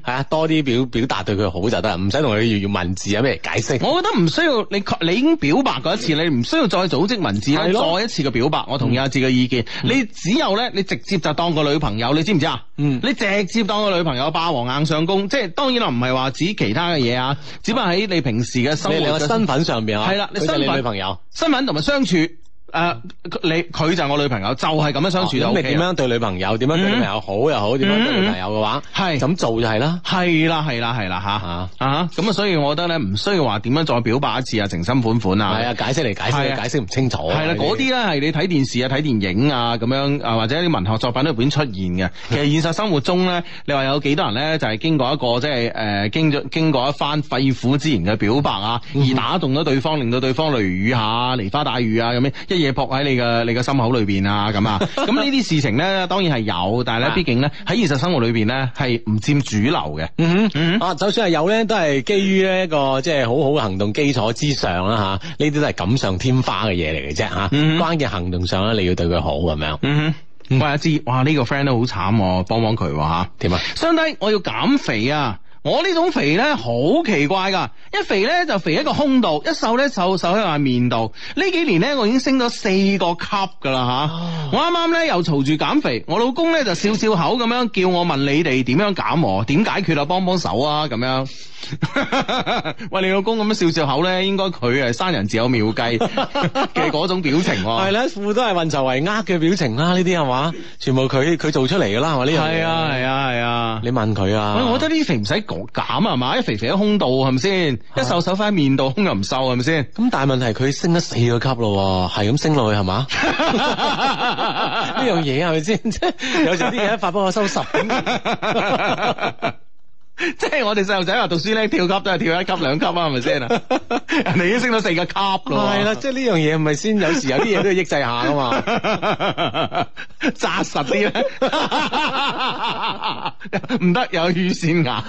Speaker 1: 係啊，多啲表表達對佢好就得，唔使同佢要文字啊咩解釋。我覺得唔需要你，你已經表白過一次，你唔需要再組織文字啦，再一次嘅表白。我同意阿志嘅意見，你只有咧，你直接就當個女朋友，你知唔知啊？嗯，你直接當個女朋友，霸王硬上弓，即係當然啦，唔係話。其他嘅嘢啊，只不過喺你平時嘅心理嘅身份上邊啊，係啦，你身份、女朋友身份同埋相處。誒你佢就係我女朋友，就係、是、咁樣相處就 OK。點樣對女朋友？點樣，樣對女朋友好又好？點樣對女朋友嘅話，係咁、嗯嗯嗯、做就係啦。係啦，係啦，係啦，吓，吓，啊！咁啊，啊所以我覺得咧，唔需要話點樣再表白一次本本啊，情深款款啊，係啊，解釋嚟解釋，的解釋唔清楚、啊。係啦的，嗰啲咧係你睇電視啊、睇電影啊咁樣啊，或者啲文學作品都唔會出現嘅。其實現實生活中咧，你話有幾多人咧就係、是、經過一個即係誒經咗經過一番肺腑之言嘅表白啊，而打動咗對方，嗯、令到對方淚如雨下、梨花帶雨啊咁樣一。嘢扑喺你嘅你嘅心口裏邊啊，咁啊，咁呢啲事情咧，當然係有，但係咧，畢竟咧喺現實生活裏邊咧係唔佔主流嘅、嗯。嗯哼，啊，就算係有咧，都係基於呢一個即係、就是、好好嘅行動基礎之上啦，吓、啊，呢啲都係錦上添花嘅嘢嚟嘅啫，吓、啊，嗯、哼關鍵行動上咧，你要對佢好咁樣。嗯哼，喂阿志，哇呢、這個 friend 都好慘，幫幫佢話吓點啊？兄弟， *laughs* 我要減肥啊！我呢種肥咧好奇怪噶，一肥咧就肥喺個胸度，一瘦咧瘦瘦喺下面度。呢幾年咧我已經升咗四個級噶啦吓，我啱啱咧又嘈住減肥，我老公咧就笑笑口咁樣叫我問你哋點樣減，點解決啊幫幫手啊咁樣。喂你老公咁樣笑笑口咧，應該佢係山人自有妙計嘅嗰種表情。係咧，副都係運籌帷幄嘅表情啦，呢啲係嘛，全部佢佢做出嚟噶啦，係嘛呢樣嘢。係啊係啊係啊，你問佢啊。我覺得呢啲肥唔使。減啊係，嘛，一的肥肥喺胸度係咪先？是是的一瘦一瘦翻喺面度，胸又唔瘦係咪先？咁但係問題佢升咗四個級咯，係咁升落去係嘛？呢樣嘢係咪先？ *laughs* *laughs* 有時啲嘢一發不可收拾。 *laughs* *laughs* 即係我哋細路仔話讀書咧跳級都係跳一級兩級啊，係咪先啊？你已經升到四個級咯。係啦， *laughs* 即係呢樣嘢，唔係先有時有啲嘢都要抑制下噶嘛，扎 *laughs* 實啲點咧，
Speaker 2: 唔
Speaker 1: *laughs* 得有乳腺癌，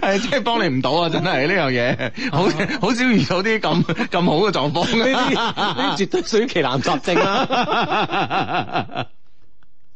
Speaker 1: 係 *laughs* 即係幫你唔到啊！真係呢樣嘢，好 *laughs* *laughs* 好少遇到啲咁咁好嘅狀況，呢啲呢啲絕對屬奇難雜症啦。 *laughs*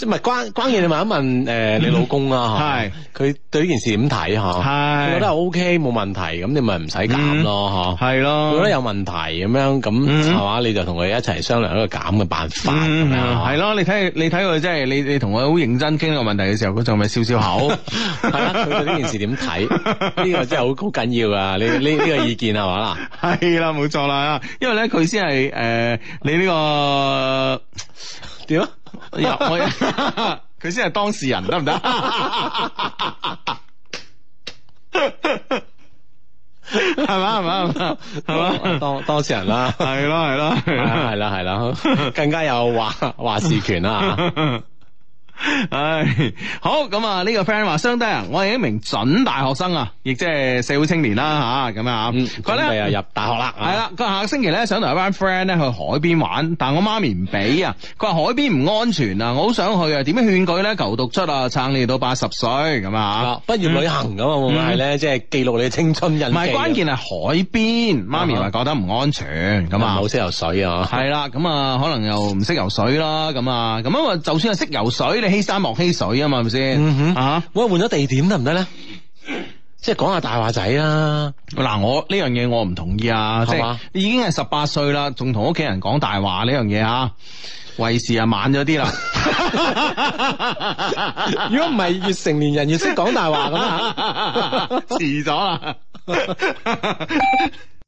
Speaker 1: 即係咪關關鍵？你問一問誒，你老公啦，佢對呢件事點睇吓？覺得係 OK，冇問題，咁你咪唔使減咯，吓。係咯，覺得有問題咁樣，咁係嘛？你就同佢一齊商量一個減嘅辦法，係咪啊？係咯，你睇你睇佢真係，你你同佢好認真傾呢個問題嘅時候，佢仲咪笑笑口。佢對呢件事點睇？呢個真係好好緊要啊！呢呢呢個意見係嘛啦？係啦，冇錯啦，因為咧佢先係誒，你呢個點啊？入去，佢先係當事人得唔得？係嘛係嘛係嘛，當當事人啦，係咯係咯，係啦係啦，更加有話話事權啦。唉，好咁啊！呢個 friend 話，相弟啊，我係一名準大學生啊，亦即係社會青年啦吓，咁啊。佢準備啊入大學啦，係啦。佢下個星期咧想同一班 friend 咧去海邊玩，但我媽咪唔俾啊。佢話海邊唔安全啊，我好想去啊。點樣勸佢咧？求讀出啊，撐你到八十歲咁啊！畢業旅行啊，噶嘛，係咧，即係記錄你嘅青春印記唔係關鍵係海邊，媽咪話覺得唔安全咁啊，唔係好識游水啊。係啦，咁啊可能又唔識游水啦，咁啊咁啊，就算係識游水欺山莫欺水啊嘛，係咪先？嗯、哼啊，我換咗地點得唔得咧？ *laughs* 即係講下大話仔啊，嗱，我呢樣嘢我唔同意啊。即係話已經係十八歲啦，仲同屋企人講大話呢樣嘢啊？為時啊晚咗啲啦。如果唔係越成年人越識講大話噶嘛？遲咗啦。 *laughs* *laughs*